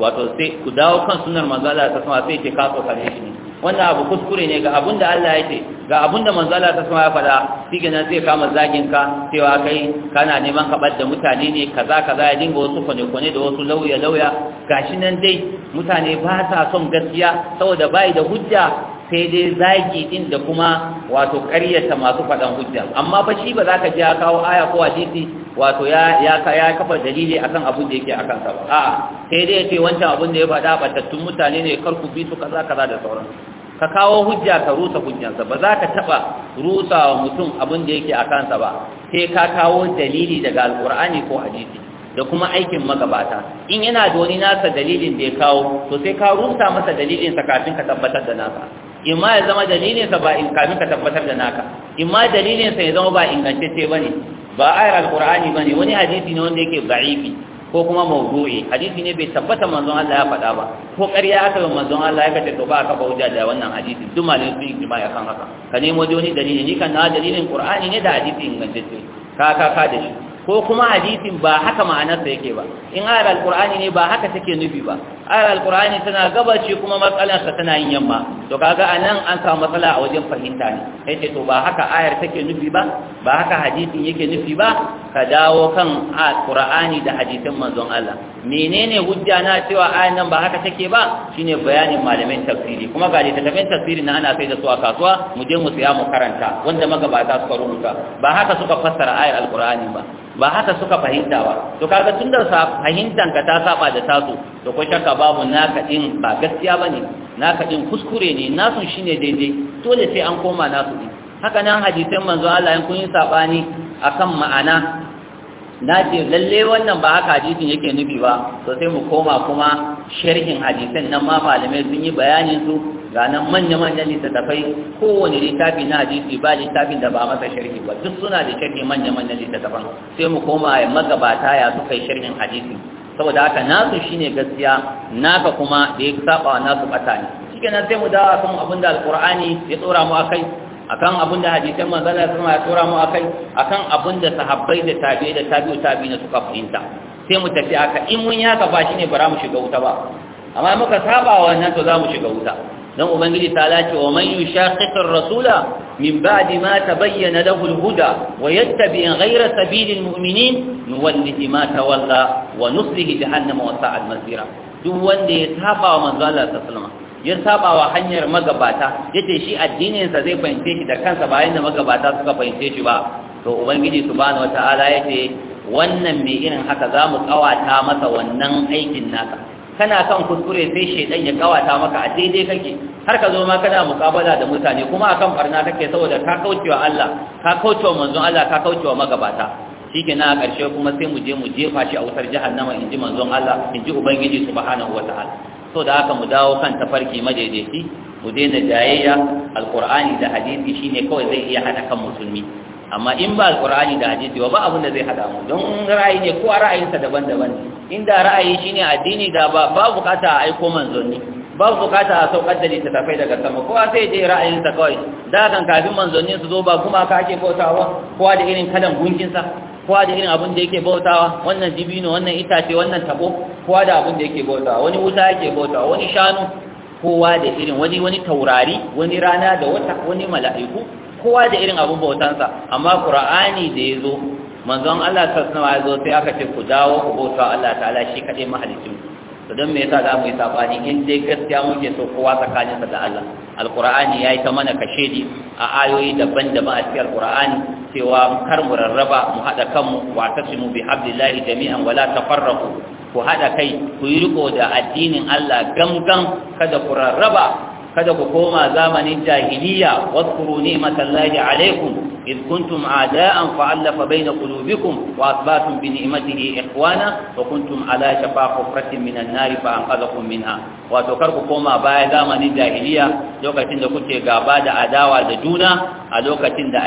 wato sai ku dawo kan sunar manzo Allah ta sama sai ce ka tsokane shi ne wannan abu kuskure ne ga abun da Allah ya ce ga abun da manzo ta sama ya faɗa shi nan zai kama zagin ka cewa kai kana neman ka da mutane ne kaza kaza ya dinga wasu kwane kwane da wasu lauya lauya gashi nan dai mutane ba sa son gaskiya saboda bai da hujja sai dai zagi din da kuma wato karyata masu faɗan hujja amma fa shi ba za ka ji ya kawo aya ko hadisi wato ya ya ya kafa dalili akan abin da yake akan sa ba a'a sai dai yace wancan abun da ya faɗa batattun mutane ne karku ku bi su kaza kaza da sauran ka kawo hujja ka rusa hujjansa ba za ka taɓa rusa wa mutum abin da yake a kansa ba sai ka kawo dalili daga alƙur'ani ko hadisi da kuma aikin magabata in yana da wani nasa dalilin da ya kawo to sai ka rusa masa dalilinsa kafin ka tabbatar da naka. in ma ya zama dalilinsa ba in kafin ka tabbatar da naka in ma dalilinsa ya zama ba ingantacce ba ne ba ayar alƙur'ani ba ne wani hadisi ne wanda yake za'ifi ko kuma mawdu'i hadisi ne bai tabbata manzon Allah ya faɗa ba ko ƙarya aka yi manzon Allah ya ka to ba aka bauja da wannan hadisi duk malin sun yi jima'i akan haka ka nemo wani dalili ni kan na dalilin Qur'ani ne da hadisi ingantacce ka ka ka da shi ko kuma hadisin ba haka ma'anarsa yake ba in ayar alkur'ani ne ba haka take nufi ba ayar alkur'ani tana gabace kuma matsalarsa tana yin yamma to kaga a nan an samu matsala a wajen fahimta ne yace to ba haka ayar take nufi ba ba haka hadisin yake nufi ba ka dawo kan alqur'ani da hadisin manzon Allah menene hujja na cewa ayan nan ba haka take ba shine bayanin malamin tafsiri kuma ga littafin tafsiri na ana sai da su a kasuwa mu je mu siya mu karanta wanda magabata suka rubuta ba haka suka fassara ayar alqur'ani ba ba haka suka fahimta ba to kaga tun da fahimtan ka ta saba da tasu to ko shakka babu naka din ba gaskiya bane naka din kuskure ne nasu shine daidai dole sai an koma nasu din haka nan hadisin manzo Allah in kun yi sabani akan ma'ana na ce lalle wannan ba haka hadisin yake nufi ba to sai mu koma kuma sharhin hadisin nan ma malamai sun yi bayanin su ga nan manya-manyan littattafai kowane littafi na hadisi ba littafin da ba masa sharhi ba duk suna da sharhi manya-manyan littattafan sai mu koma ya magabata ya suka yi sharhin hadisi saboda haka nasu shine gaskiya naka kuma da ya saba nasu bata ne shikenan sai mu dawo kan abin da alqur'ani ya tsora mu akai akan abin da hadisan manzala sama ya tura mu akai akan abin da sahabbai da tabi'i da tabi'u na suka fahimta sai mu tafi aka in mun yaka ba shine bara mu shiga wuta ba amma muka saba wannan to za mu shiga wuta dan ubangiji ta ce wa man yushaqiq ar-rasula min ba'di ma tabayyana lahu al-huda wa yattabi ghayra sabilil mu'minin nuwallihi ma tawalla wa nuslihi jahannama wa sa'at masira duk wanda ya saba wa manzo Allah sallallahu alaihi wasallam ya saba wa hanyar magabata yace shi addininsa zai fahimce shi da kansa bayan da magabata suka fahimce shi ba to ubangiji subhanahu wataala yace wannan mai irin haka za mu kawata masa wannan aikin naka kana kan kuskure sai shedan ya kawata maka a daidai kake har ka zo ma kana mukabala da mutane kuma akan barna kake saboda ka kaucewa Allah ka kaucewa manzon Allah ka kaucewa magabata shike na ƙarshe kuma sai mu je mu jefa shi a wutar jahannama inji manzon Allah inji ubangiji subhanahu wataala so da haka mu dawo kan tafarki madaidaici mu daina jayayya alqur'ani da hadisi shine kawai zai iya hada kan musulmi amma in ba alqur'ani da hadisi ba ba abin da zai hada mu don ra'ayi ne ko ra'ayinsa daban-daban inda ra'ayi shine addini da ba ba bukata a aiko manzonni ba bukata a saukar da littattafai daga sama kowa sai je ra'ayinsa kawai da kan kafin manzonni su zo ba kuma ka ake bautawa kowa da irin kalan gunkinsa kowa da irin abin da yake bautawa wannan dibino wannan itace wannan tabo kowa da abin da yake bauta wani wuta yake bauta wani shanu kowa da irin wani wani taurari wani rana da wata wani mala'iku kowa da irin abin bautansa amma qur'ani da yazo manzon Allah sallallahu alaihi wasallam sai aka ce ku dawo ku bauta Allah ta'ala shi kadai mahalicin to don me yasa za mu yi sabani in dai gaskiya muke so kowa tsakaninsa da Allah alqur'ani yayi ta mana kashe di a ayoyi daban-daban a cikin alqur'ani cewa kar mu rarraba mu haɗa kanmu wa tasimu bi hablillahi jami'an wala tafarraqu ku haɗa kai ku yi riko da addinin Allah gangan kada ku rarraba kada ku koma zamanin jahiliya wasu ni'matallahi alaikum إذ كنتم أعداء فألف بين قلوبكم وأصبحتم بنعمته إخوانا وكنتم على شفا حفرة من النار فأنقذكم منها وتكرك كما باي زمن الجاهلية لوكتين دا كنت غابا دا عداوة دا جونا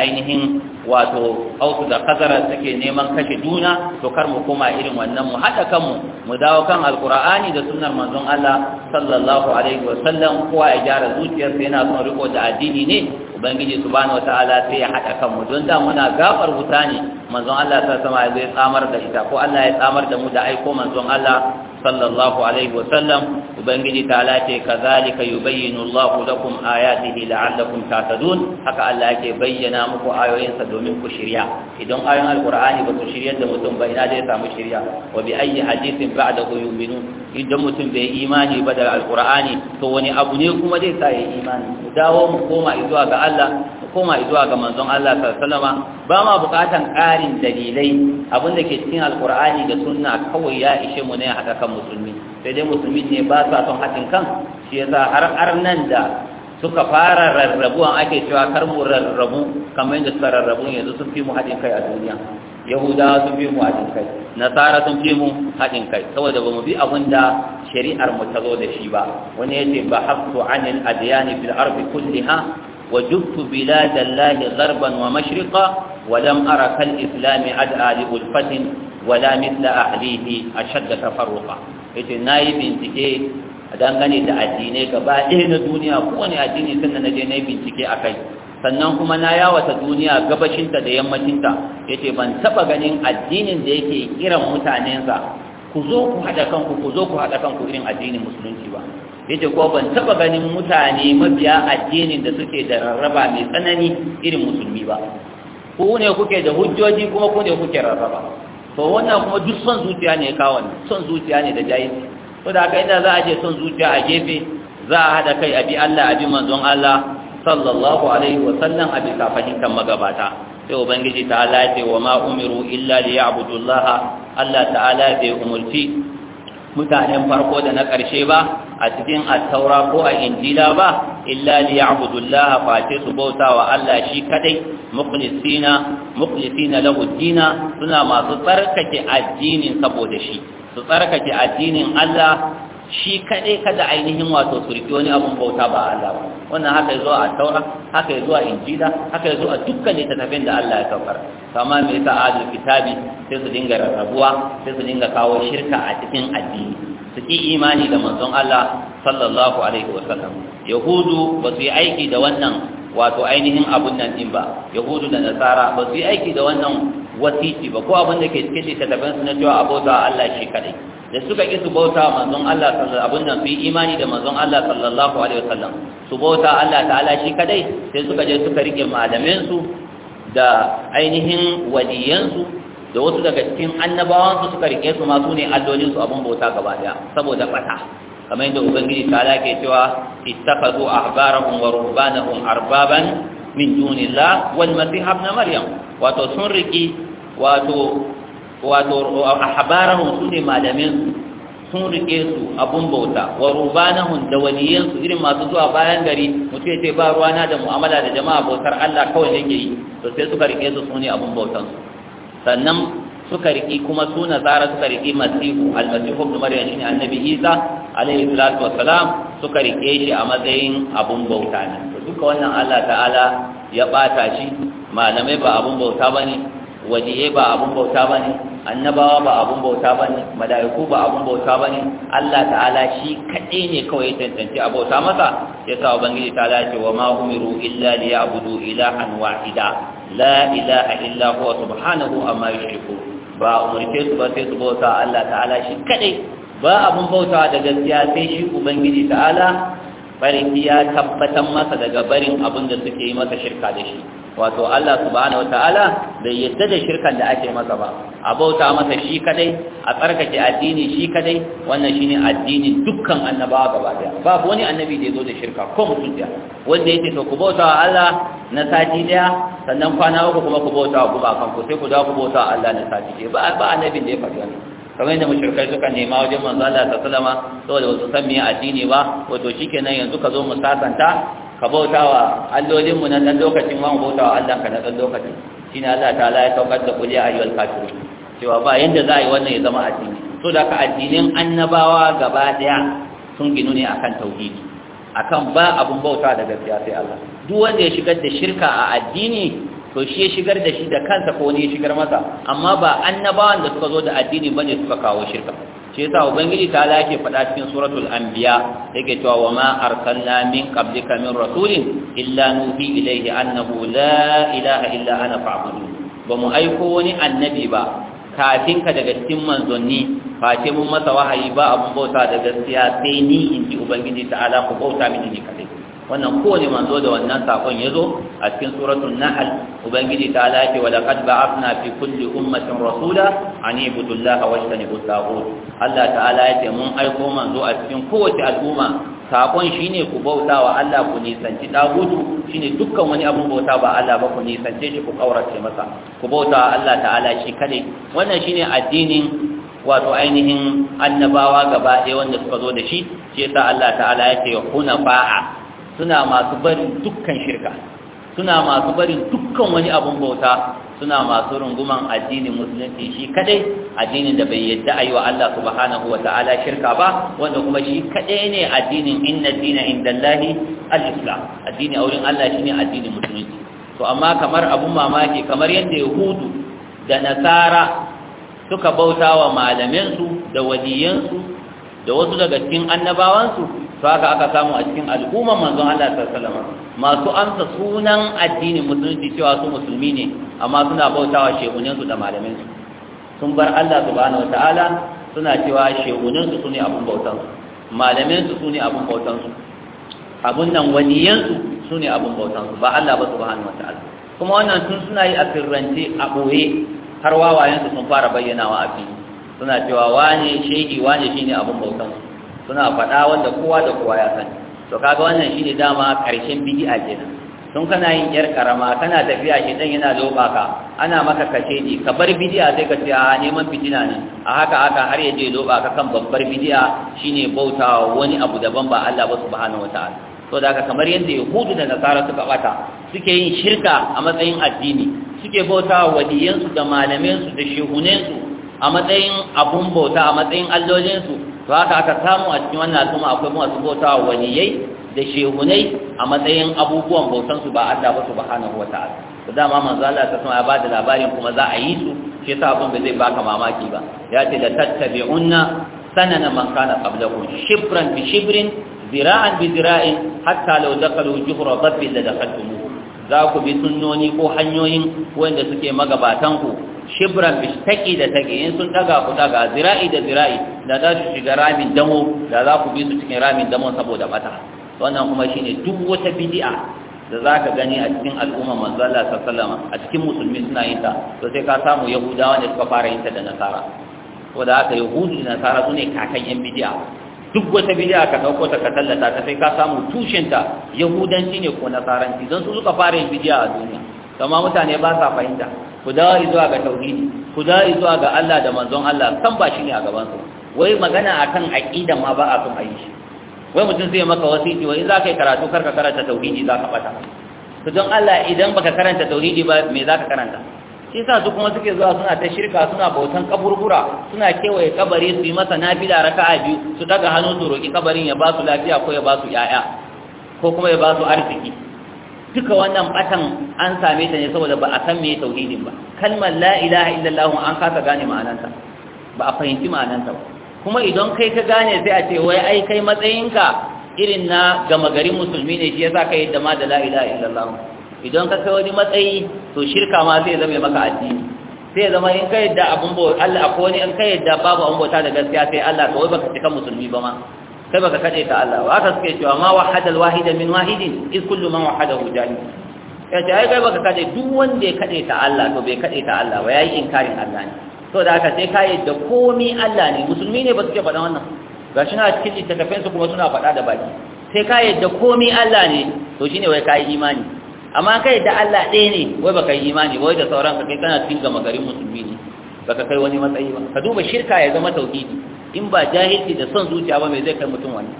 أينهم wato autu da kazara suke neman kashe juna to kar mu koma irin wannan mu haɗa kan mu dawo kan alkur'ani da sunnar manzon Allah sallallahu alaihi wasallam kowa ya gyara zuciyarsa yana son riko da addini ne ubangiji subhanahu wataala sai ya hada kanmu don da muna gafar wuta ne manzon Allah ta sama zai tsamar da ita ko Allah ya tsamar da mu da aiko manzon Allah sallallahu alaihi wasallam ubangiji ta lace kazalika yubayyinu Allahu lakum ayatihi la'allakum tahtadun haka Allah yake bayyana muku ayoyinsa domin ku shirya idan ayoyin alqur'ani ba su shirya da mutum ba ina zai samu shirya wa bi ayyi hadithin ba'dahu yu'minun idan mutum bai imani ba da alqur'ani to wani abu ne kuma zai sa ya imani mu dawo mu koma zuwa ga Allah koma zuwa ga manzon Allah sallallahu ba ma bukatan ƙarin dalilai abinda ke cikin alkur'ani da sunna kawai ya ishe mu ne haka kan musulmi sai dai musulmi ne ba sa son haɗin kan shi yasa har arnan da suka fara rarrabuwan ake cewa kar mu rarrabu kamar yadda suka rarrabu yanzu sun fi mu haɗin kai a duniya yahudawa sun fi mu haɗin kai nasara sun fi mu haɗin kai saboda ba mu bi abin da shari'ar mu ta zo da shi ba wani yace ba haftu anil adyani fil kulli kulliha وجبت بلاد الله غربا ومشرقا ولم أرى كالإسلام أدعى لألفة ولا مثل أهليه أشد تفرقا yace na bincike dangane da addinai gaba ɗaya na duniya kowane addini sannan na je na bincike a kai sannan kuma na yawata duniya gabashinta da yammacinta yace ban taɓa ganin addinin da yake kiran mutanensa ku zo ku haɗa kanku ku zo ku haɗa kanku irin addinin musulunci ba yace ko ban taba ganin mutane mabiya addinin da suke da rarraba mai tsanani irin musulmi ba ku ne kuke da hujjoji kuma ku ne kuke rarraba to wannan kuma duk son zuciya ne kawo ne son zuciya ne da jahilci to da haka idan za a je son zuciya a gefe za a haɗa kai abi Allah abi manzon Allah sallallahu alaihi wa sallam abi kan magabata sai ubangiji ta'ala ya ce wa ma umiru illa abudullaha. Allah ta'ala bai umarci mutanen farko da na ƙarshe ba a cikin attaura ko a injila ba illa li ya'budullah fa ce su bauta wa Allah shi kadai mukhlisina mukhlisina suna masu tsarkake addinin saboda shi su tsarkake addinin Allah shi kaɗe kada ainihin wato surfi wani abin bauta ba Allah ba wannan haka ya zo a taura haka zo a injila haka ya zo a dukkan littattafin da Allah ya saukar kama me yasa adul kitabi sai su dinga rarrabuwa sai su dinga kawo shirka a cikin addini su ki imani da manzon Allah sallallahu alaihi wa sallam. yahudu ba su yi aiki da wannan wato ainihin abun nan din ba yahudu da nasara ba su yi aiki da wannan wasiti ba ko abin da ke cikin littattafan su na cewa abota Allah shi kadai da suka ki su bauta manzon Allah sallallahu abin da su imani da manzon Allah sallallahu alaihi wasallam su bauta Allah ta'ala shi kadai sai suka je suka rike malamin su da ainihin waliyan su da wasu daga cikin annabawan su suka rike su ma su ne allolin su abin bauta gaba daya saboda fata kamar yadda ubangiji ta'ala ke cewa ittakhadhu ahbarahum wa ruhbanahum arbaban min duni dunillah wal masih ibn maryam wato sun riki wato wato ahbarahum sunne malamin sun rike su abun bauta wa rubanahum da waliyansu irin masu zuwa bayan gari mutum ya ce ba ruwana da mu'amala da jama'a bautar Allah kawai yake yi to sai suka rike su sune abun bautan sannan suka riki kuma su nasara suka riki masihu almasihu ibn maryam shine annabi isa alaihi salatu wassalam suka rike shi a matsayin abun bauta ne duka wannan Allah ta'ala ya bata shi malamai ba abun bauta bane waliyai ba abun bauta bane annabawa ba abun bauta bane malaiku ba abun bauta bane Allah ta'ala shi kadai ne kawai tantance a bauta masa yasa ubangiji ta'ala ce wa ma umiru illa liya'budu ilahan wahida la ilaha illa huwa subhanahu amma yushriku ba umurce su ba sai su bauta Allah ta'ala shi kadai ba abun bauta da gaskiya sai shi ubangiji ta'ala bariki ya tabbatar masa daga barin abin da suke yi masa shirka da shi wato Allah subhanahu wataala bai yadda da shirkan da ake masa ba a bauta masa shi kadai a tsarkake addini shi kadai wannan shine addinin dukkan annabawa gaba daya babu wani annabi da ya zo da shirka ko mutum da wanda yake to ku bauta Allah na sati daya sannan kwana uku kuma ku bauta wa gumakan ku sai ku dawo ku bauta Allah na sati daya ba ba annabin da ya faɗi wannan kamar yadda mushrikai suka nema wajen manzo Allah ta salama, saboda wasu san miya addini ba wato shikenan yanzu ka zo mu sasanta ka bautawa allolin mu na dan lokacin ma mu bautawa Allah ka na dan lokacin shine Allah ta'ala ya saukar da kuliya ayyul kafirun cewa ba yanda za a yi wannan ya zama addini so da ka addinin annabawa gaba daya sun ginu ne akan tauhidi akan ba abun bauta da gaskiya sai Allah duk wanda ya shigar da shirka a addini to shi ya shigar da shi da kansa ko wani ya shigar masa amma ba annabawan da suka zo da addini bane suka kawo shirka shi yasa ubangiji ta ala yake faɗa cikin suratul anbiya yake cewa wa ma arsalna min qablika min rasulin illa nuhi ilayhi annahu la ilaha illa ana fa'budu ba mu aiko wani annabi ba kafin ka daga cikin manzanni face mun masa wahayi ba abun bauta da gaskiya sai ni in ji ubangiji ta ala ku bauta mini ne kadai wannan kowane manzo da wannan sakon yazo a cikin suratul nahl ubangiji ta alaike wa laqad ba'athna fi kulli ummatin rasula an ibudu Allah wa ijtanibu taghut Allah ta'ala yace mun aiko manzo a cikin kowace al'umma sakon shine ku bauta wa Allah ku nisanci dagudu shine dukkan wani abun bauta ba Allah ba ku nisanci shi ku kaurace masa ku bauta wa Allah ta'ala shi kade wannan shine addinin wato ainihin annabawa gaba ɗaya wanda suka zo da shi shi yasa Allah ta'ala yake hunafa'a suna masu barin dukkan shirka suna masu barin dukkan wani abun bauta suna masu runguman addinin musulunci shi kadai addinin da bai yadda ayi wa Allah subhanahu wa ta'ala shirka ba wanda kuma shi kadai ne addinin inna dina indallahi al-islam addini aurin Allah shine addinin musulunci to amma kamar abun mamaki kamar yadda yahudu da nasara suka bauta wa malamansu da waliyansu da wasu daga cikin annabawansu to haka aka samu a cikin al'ummar manzon Allah sallallahu alaihi masu amsa sunan addinin musulunci cewa su musulmi ne amma suna bautawa shehunansu da malamin su sun bar Allah subhanahu wataala suna cewa shehunansu sune abun bautan su malamin su sune abun bautan su abun nan waniyan su sune abun bautan su ba Allah ba subhanahu wataala kuma wannan tun suna yi a sirrance a boye har wawayen su sun fara bayyanawa a fili suna cewa wane shehi wane shine abun bautan su suna faɗa wanda kowa da kowa ya sani to kaga wannan shine dama karshen bid'a kenan tun kana yin yar karama kana tafiya shi dan yana loba ka ana maka kace ni ka bar bid'a sai ka ce a neman fitina ne a haka haka har ya je loba ka kan babbar bid'a shine bauta wani abu daban ba Allah ba subhanahu wataala to da kamar yadda yahudu da nasara suka bata suke yin shirka a matsayin addini suke bauta diyansu da malamansu da shehunensu a matsayin abun bauta a matsayin allolinsu to haka aka samu a cikin wannan al'umma akwai masu bauta wa waliyai da shehunai a matsayin abubuwan bautansu ba Allah ba subhanahu wata'ala to dama manzo Allah ta sama ya bada labarin kuma za a yi su shi yasa abin ba zai baka mamaki ba ya ce da tattabi'unna sanana man kana qablakum shibran bi shibrin zira'an bi zira'in hatta law dakalu juhra dabbi la dakaltumuhu za ku bi sunnoni ko hanyoyin wanda suke magabatan ku. shibran bistaki da take in sun daga ku daga zira'i da zira'i da za su shiga ramin damo da za ku bi su cikin ramin damo saboda bata wannan kuma shine duk wata bid'a da za ka gani a cikin al'umma manzala ta sallama a cikin musulmi suna yin ta to sai ka samu yahudawa ne suka fara yin ta da nasara ko da aka yahudu da nasara su ne kakan yan bid'a duk wata bid'a ka dauko ta ka tallata ta sai ka samu tushenta yahudanci ne ko nasaranci don su suka fara yin bid'a a duniya amma mutane ba sa fahimta ku dawo zuwa ga tauhidi ku dawo zuwa ga Allah da manzon Allah san ba shine a gaban su wai magana akan aqida ma ba a son ayi shi wai mutum zai maka wasiti wai za ka yi karatu karka karanta tauhidi za ka bata to don Allah idan baka karanta tauhidi ba me za ka karanta shi yasa su kuma suke zuwa suna ta shirka suna bautan kaburbura suna kewaye kabari su yi masa nafila raka'a biyu su daga hannu su roki kabarin ya ba su lafiya ko ya ba su yaya ko kuma ya ba su arziki duka wannan batan an same ta ne saboda ba a san me tauhidin ba kalmar la ilaha illallah an kasa gane ma'anarta ba a fahimci ma'anarta ba kuma idan kai ka gane sai a ce wai ai kai matsayinka irin na gama garin musulmi ne shi yasa kai dama da la ilaha illallah idan ka kai wani matsayi to shirka ma sai zama maka addini sai zama in ka yadda abun bo Allah akwai wani in ka yadda babu abun bauta da gaskiya sai Allah kawai baka cika musulmi ba ma sai baka kace ta Allah wa aka suke cewa ma wahada alwahida min wahidin iz kullu man wahadahu jahil ya ce ai kai baka kace duk wanda ya kace ta Allah to bai kace ta Allah ba yayi inkarin Allah ne to da haka sai kai da komai Allah ne musulmi ne ba su ke faɗa wannan gashi na cikin littafin su kuma suna faɗa da baki sai kai da komai Allah ne to shine wai kai imani amma kai da Allah ɗaya ne wai baka yi imani wai da sauran ka kai kana cikin gama garin musulmi ne baka kai wani matsayi ba ka duba shirka ya zama tauhidi in ba jahilci da son zuciya ba mai zai kai mutum wani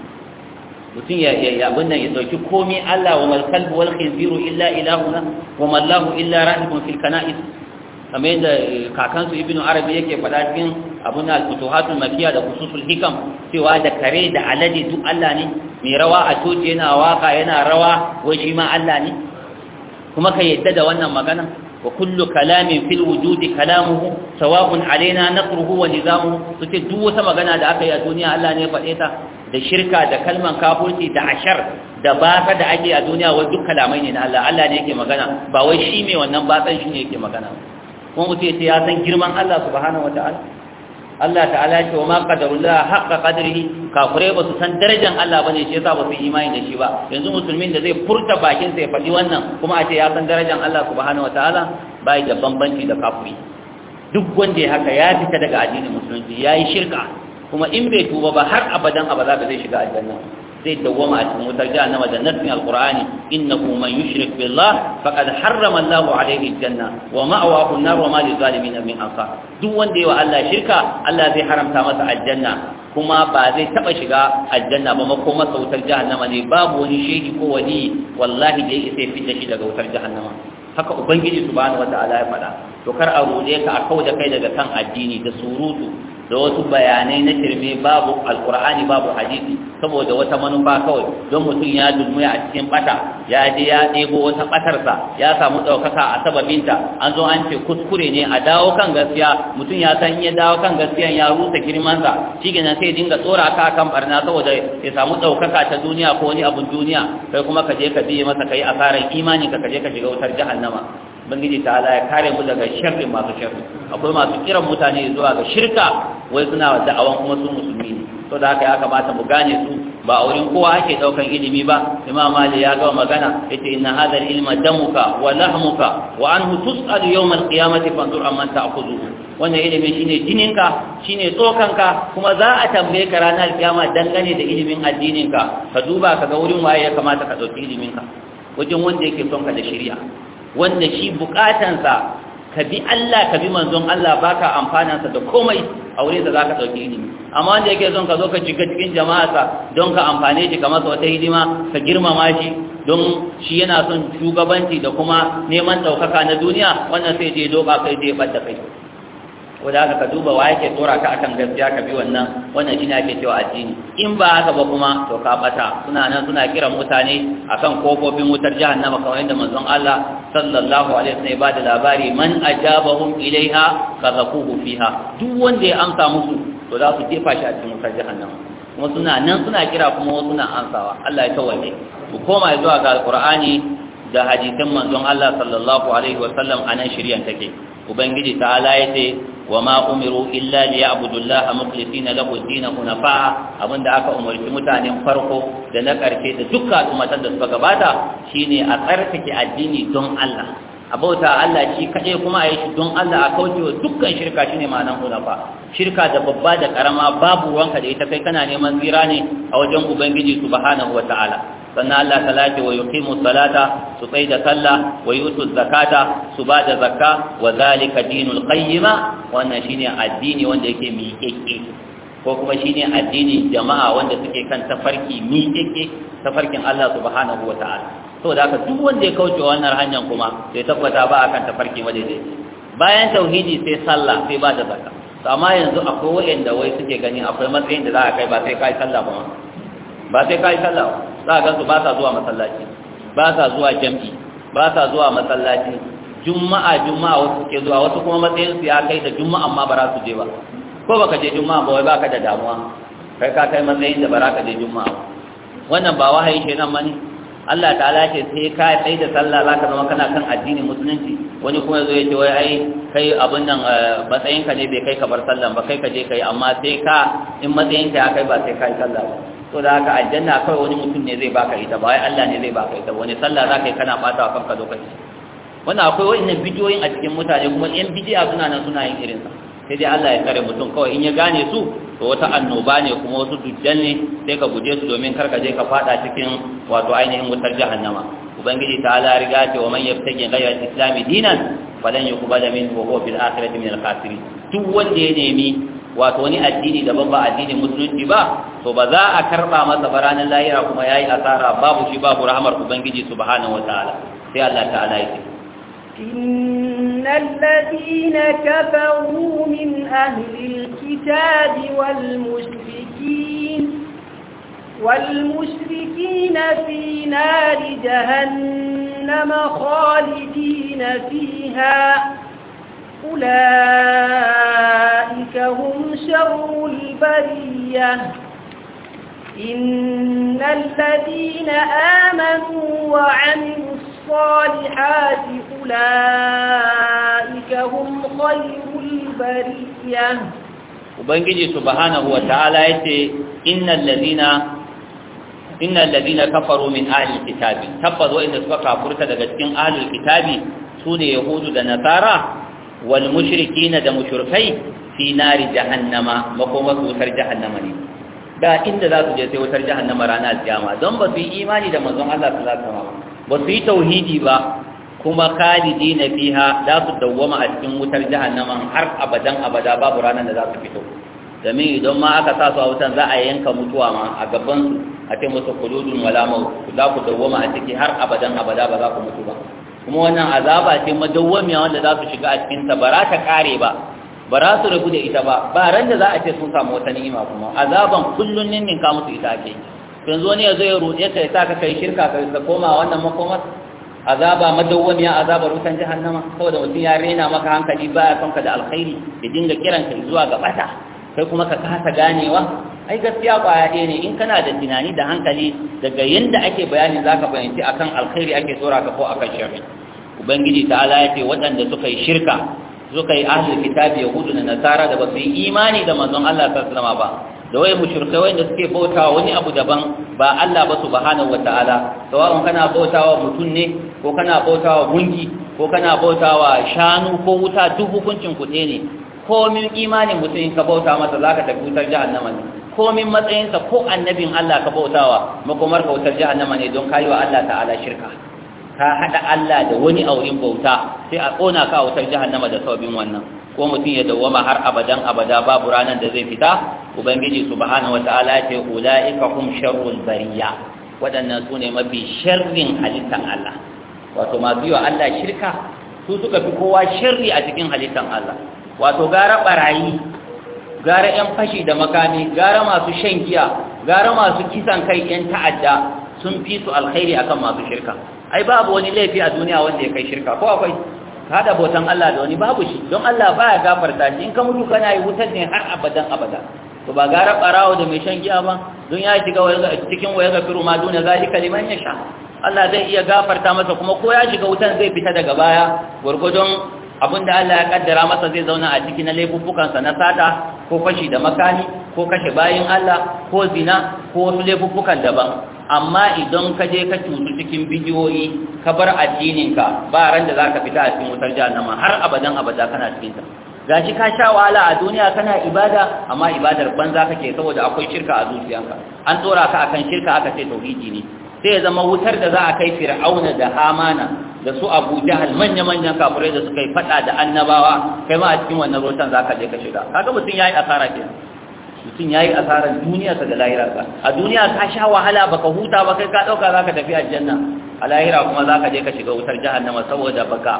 mutum ya ya abin nan ya dauki komai Allah wa mal kalbu wal khinziru illa ilahuna wa ma illa rahibun fil kana'is kamar yadda eh, kakansu ibnu arabi yake faɗa cikin abun al-futuhatul makiyya da khususul hikam cewa da kare da alade duk Allah ne mai rawa a coci yana waka yana rawa wai shi ma Allah ne kuma ka yadda da wannan magana وكل كلام في الوجود كلامه سواء علينا نقره ونظامه ce دو wata magana da aka yi a duniya Allah ne ya faɗe ta da shirka da kalman kafirci da ashar da baka da ake a duniya wa duk kalamai ne na Allah Allah ne yake magana ba wai shi mai wannan batsan shi ne yake magana kuma mutum ya san girman Allah subhanahu wataala Allah ta'ala ce wa ma qadarullah haqqa qadrihi kafirai ba su san darajar Allah bane shi yasa ba su imani da shi ba yanzu musulmin da zai furta bakin sa ya faɗi wannan kuma a ce ya san darajar Allah subhanahu wataala bai da bambanci da kafiri duk wanda ya haka ya fita daga addinin musulunci yayi shirka kuma in bai tuba ba har abadan abada ba zai shiga aljanna zai dawwama a cikin wutar jahannama da nasin alqur'ani Inna man yushrik billah faqad harrama Allahu alayhi aljanna wa ma'wahu an-nar wa ma lizalimin min duk wanda yawa Allah shirka Allah zai haramta masa aljanna kuma ba zai taɓa shiga aljanna ba makoma sautar jahannama ne babu wani shehi ko wani wallahi da yake sai fita shi daga wutar jahannama haka ubangiji subhanahu wataala ya faɗa to kar a rode ka a kauda kai daga kan addini da surutu da wasu bayanai na shirme babu alkur'ani babu hadisi saboda wata manufa kawai don mutum ya dulmuya a cikin bata ya je ya ɗebo wata batarsa ya samu ɗaukaka a sababinta an zo an ce kuskure ne a dawo kan gaskiya mutum ya san ya dawo kan gaskiya ya rusa girmansa shi gina sai dinga tsora ka kan barna saboda ya samu ɗaukaka ta duniya ko wani abun duniya kai kuma ka je ka biye masa kai asarar imani ka je ka shiga wutar jahannama bangiji ta ala ya kare mu daga sharrin masu sharri akwai masu kiran mutane zuwa ga shirka wai suna da awan kuma su musulmi ne to da haka ya kamata mu gane su ba a wurin kowa ake daukan ilimi ba imam mali ya gama magana yace inna hadha ilma damuka wa lahmuka wa anhu tus'al yawm al-qiyamati fanzur amma ta'khudhu wannan ilimi shine jininka shine tsokanka kuma za a tambaye ka ranar kiyama dangane da ilimin addininka ka duba ka ga wurin waye ya kamata ka dauki ka wajen wanda yake son ka da shari'a wanda shi bukatansa ka bi Allah ka bi manzon Allah baka amfanansa da komai aure da zaka dauki ilimi amma wanda yake son ka zo ka shiga cikin jama'arsa don ka amfane shi kamar wata hidima ka girmama shi don shi yana son shugabanci da kuma neman daukaka na duniya wannan sai je doka kai je bada kai wanda aka ka duba wa yake tsora ka akan gaskiya ka bi wannan wannan shi ne ake cewa addini in ba haka ba kuma to ka bata suna nan suna kiran mutane akan kofofin wutar jahannama kamar yadda manzon Allah sallallahu alaihi wasallam ya bada labari man ajabahum ilaiha kazaquhu fiha duk wanda ya amsa musu to za su jefa shi a cikin wutar jahannama kuma suna nan suna kira kuma suna ansawa Allah ya tawaye ku koma zuwa ga alqur'ani da hadisin manzon Allah sallallahu alaihi wasallam anan shiryan take ubangiji ta'ala yace وما أمروا إلا ليعبدوا الله مخلصين له الدين حنفاء أبن دا أكا أمر في متعنى da لنك أركيد دكا ثم تندس بقباتا شيني أتركك الدين دون الله abauta Allah shi kaɗai kuma a yi shi don Allah a kauce wa dukkan shirka shine ne ma'anan hunafa shirka da babba da ƙarama babu wanka da ita kai kana neman tsira ne a wajen ubangiji subhanahu wa ta'ala sannan Allah ta lake wa yuqimu salata su tsai da sallah wa yutu zakata su ba da zakka wa zalika dinul qayyima wannan ne addini wanda yake miƙeƙe ko kuma shi ne addini jama'a wanda suke kan tafarki miƙeƙe tafarkin Allah su subhanahu wata'ala So da aka duk wanda ya kauce wannan hanyar kuma sai tabbata ba akan tafarki daidai. bayan tauhidi sai sallah sai ba da zakka to amma yanzu akwai wayanda wai suke gani akwai matsayin da za a kai ba sai kai sallah ba ba sai ka yi sallah za a gansu ba sa zuwa masallaci ba sa zuwa jam'i ba sa zuwa masallaci juma'a juma'a wasu ke zuwa wasu kuma matsayin su ya kai da juma'a amma ba za su je ba ko baka je juma'a ba wai baka da damuwa kai ka kai matsayin da ba za ka je juma'a ba. wannan ba wahayi kenan mani Allah ta'ala ce sai ka tsaye da sallah za ka zama kana kan addinin musulunci wani kuma zo ya ce wai ai kai abin nan eh, matsayinka ne bai kai ka bar sallah ba kai ka je kai amma sai ka in matsayin ka ya kai ba sai ka yi sallah ba so da haka aljanna kawai wani mutum ne zai baka ita ba wai Allah ne zai baka ita wani sallah za ka kana ɓata wa kanka lokaci wannan akwai wa'annan bidiyoyin a cikin mutane kuma yan bidiya suna nan suna yin irinsa sai dai Allah ya kare mutum kawai in ya gane su to wata annoba ne kuma wasu dujjal ne sai ka guje su domin kar ka je ka fada cikin wato ainihin wutar jahannama ubangiji ta ala riga ce wa man yabtaki ghayra al-islam dinan falan yuqbala minhu wa huwa fil akhirati min al-khasirin duk wanda ya nemi wato wani addini daban ba addinin musulunci ba to ba za a karba masa ba ranar lahira kuma yayi asara babu shi babu rahmar ubangiji subhanahu wataala sai Allah ta'ala ya ce إن الذين كفروا من أهل الكتاب والمشركين والمشركين في نار جهنم خالدين fiha. أولئك هم شر البرية إن الذين آمنوا وعملوا الصالحات أولئك هم خير البرية Ubangiji subhanahu wa ta'ala ya ce, Innan lalina kafaru min ahalil kitabi, tabbaz inda suka kafurta daga cikin ahalil kitabi sune Yahudu da Nasara, wal mushrikina da mushrikai fi nari jahannama makoma wutar jahannama ne da inda za su je sai wutar jahannama ranar kiyama don ba su yi imani da manzon Allah sallallahu alaihi wasallam ba su yi tauhidi ba kuma khalidina fiha za su dawwama a cikin wutar jahannama har abadan abada babu ranar da za su fito domin idan ma aka sasu a wutan za a yanka mutuwa ma a gaban su a ce musu kuludun wala maut za ku dawwama a ciki har abadan abada ba za ku mutu ba kuma wannan azaba ce madawwamiya wanda za su shiga a cikin ta ba za ta kare ba ba za su rabu da ita ba ba ran da za a ce sun samu wata ni'ima kuma azaban kullun nin ka musu ita ake yanzu wani ya zo ya ruɗe ka ya sa kai shirka ka ka koma wannan makomar azaba madawwamiya azabar wutan jahannama saboda mutum ya rena maka hankali baya ya ka da alkhairi ya dinga kiran ka zuwa ga bata kai kuma ka kasa ganewa ai gaskiya kwaya ɗaya ne in kana da tunani da hankali daga yadda ake bayani za ka fahimci a kan alkhairi ake tsora ka ko a kan shari ubangiji ta ala ya ce waɗanda suka yi shirka suka yi ahlul ya hudu da nasara da ba yi imani da manzon allah ta ba da wai mushrikai wanda suke bautawa wani abu daban ba Allah ba su wa ta'ala sawa'un kana bautawa mutum ne ko kana bautawa gungi ko kana bautawa shanu ko wuta duk hukuncin kuɗe ne komin imanin mutum in ka bauta masa za ka tafi wutar na ne komin matsayinsa ko annabin Allah ka bautawa makomar kautar jahannama ne don kayi wa Allah ta'ala shirka ka haɗa Allah da wani aurin bauta sai a kona ka wutar jahannama da sabbin wannan ko mutum ya dawwama har abadan abada babu ranar da zai fita ubangiji subhanahu wataala ya ce ulaika hum sharrul bariya su ne mafi sharrin halittar Allah wato masu yi wa Allah shirka su suka fi kowa shirri a cikin halittar Allah wato gara barayi gara yan fashi da makami gara masu shan giya gara masu kisan kai yan ta'adda sun fi su alkhairi akan masu shirka ai babu wani laifi a duniya wanda ya kai shirka ko akwai hada botan Allah da wani babu shi don Allah baya gafarta shi in ka mutu kana yi wutar ne har abadan abada to ba gara barawo da mai shan giya ba don ya shiga cikin waya ga firu ma duna zalika liman sha. Allah zai iya gafarta masa kuma ko ya shiga wutan zai fita daga baya Gwargwadon. da Allah ya kaddara masa zai zauna a cikin laifuffukansa na sata ko fashi da makami ko kashe bayin Allah ko zina ko wasu laifuffukan daban amma idan ka je ka cutu cikin bidiyoyi ka bar addininka ba ran da zaka fita a cikin wutar jahannama har abadan abada kana cikin ta gashi ka sha wahala a duniya kana ibada amma ibadar banza kake saboda akwai shirka a zuciyanka an tsora ka akan shirka aka ce tauhidi ne sai ya zama wutar da za a kai fir'auna da hamana da su abu jahal manya-manyan kafurai da suka yi fada da annabawa kai ma a cikin wannan rotan za ka je ka shiga kaga mutum ya yi asara ke mutum ya yi asarar duniyarsa da lahirarsa a duniya ka sha wahala baka huta ba kai ka ɗauka za ka tafi aljanna a lahira kuma za ka je ka shiga wutar jahannama saboda baka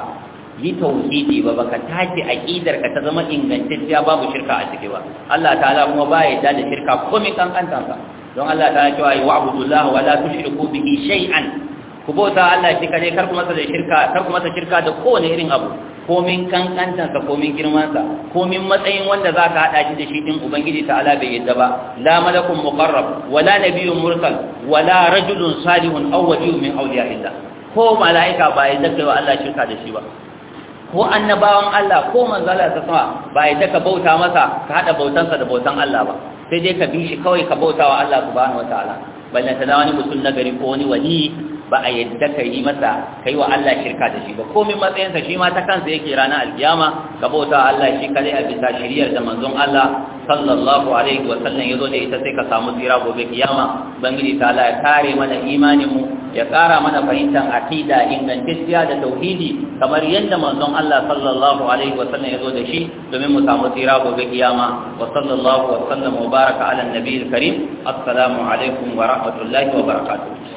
yi tauhidi ba baka tafi aqidar ka ta zama ingantacciya babu shirka a ciki ba Allah ta'ala kuma ba ya yarda da shirka komai kankantansa don Allah ta'ala cewa wa'budullaha wa la tushriku bihi shay'an ku bauta Allah shi kaje kar ku masa da shirka kar ku masa shirka da kowane irin abu komin kankantansa komin girmansa komin matsayin wanda za ka haɗa shi da shi ɗin ubangiji ta ta'ala bai yadda ba la malakun muqarrab wala nabiyyun mursal wala rajulun salihun aw waliyun min awliya ko malaika ba yadda kai wa Allah shirka da shi ba ko annabawan Allah ko manzala ta sama ba yadda ka bauta masa ka haɗa bautansa da bautan Allah ba sai dai ka bi shi kawai ka bauta wa Allah subhanahu wataala ballan ta da wani mutum nagari ko wani wali ba a yadda ka yi masa ka yi wa Allah shirka da shi ba komin matsayinsa shi ma ta kansa yake ranar alkiyama ka bauta Allah shi kadai a bisa shiriyar da manzon Allah sallallahu alaihi wa sallam yazo da ita sai ka samu tsira gobe kiyama bangiji ta Allah ya kare mana imanin mu ya kara mana fahimtar aqida ingantacciya da tauhidi kamar yadda manzon Allah sallallahu alaihi wa sallam yazo da shi domin mu samu tsira gobe kiyama wa sallallahu wa sallam wa baraka ala nabiyil karim assalamu alaikum wa rahmatullahi wa barakatuh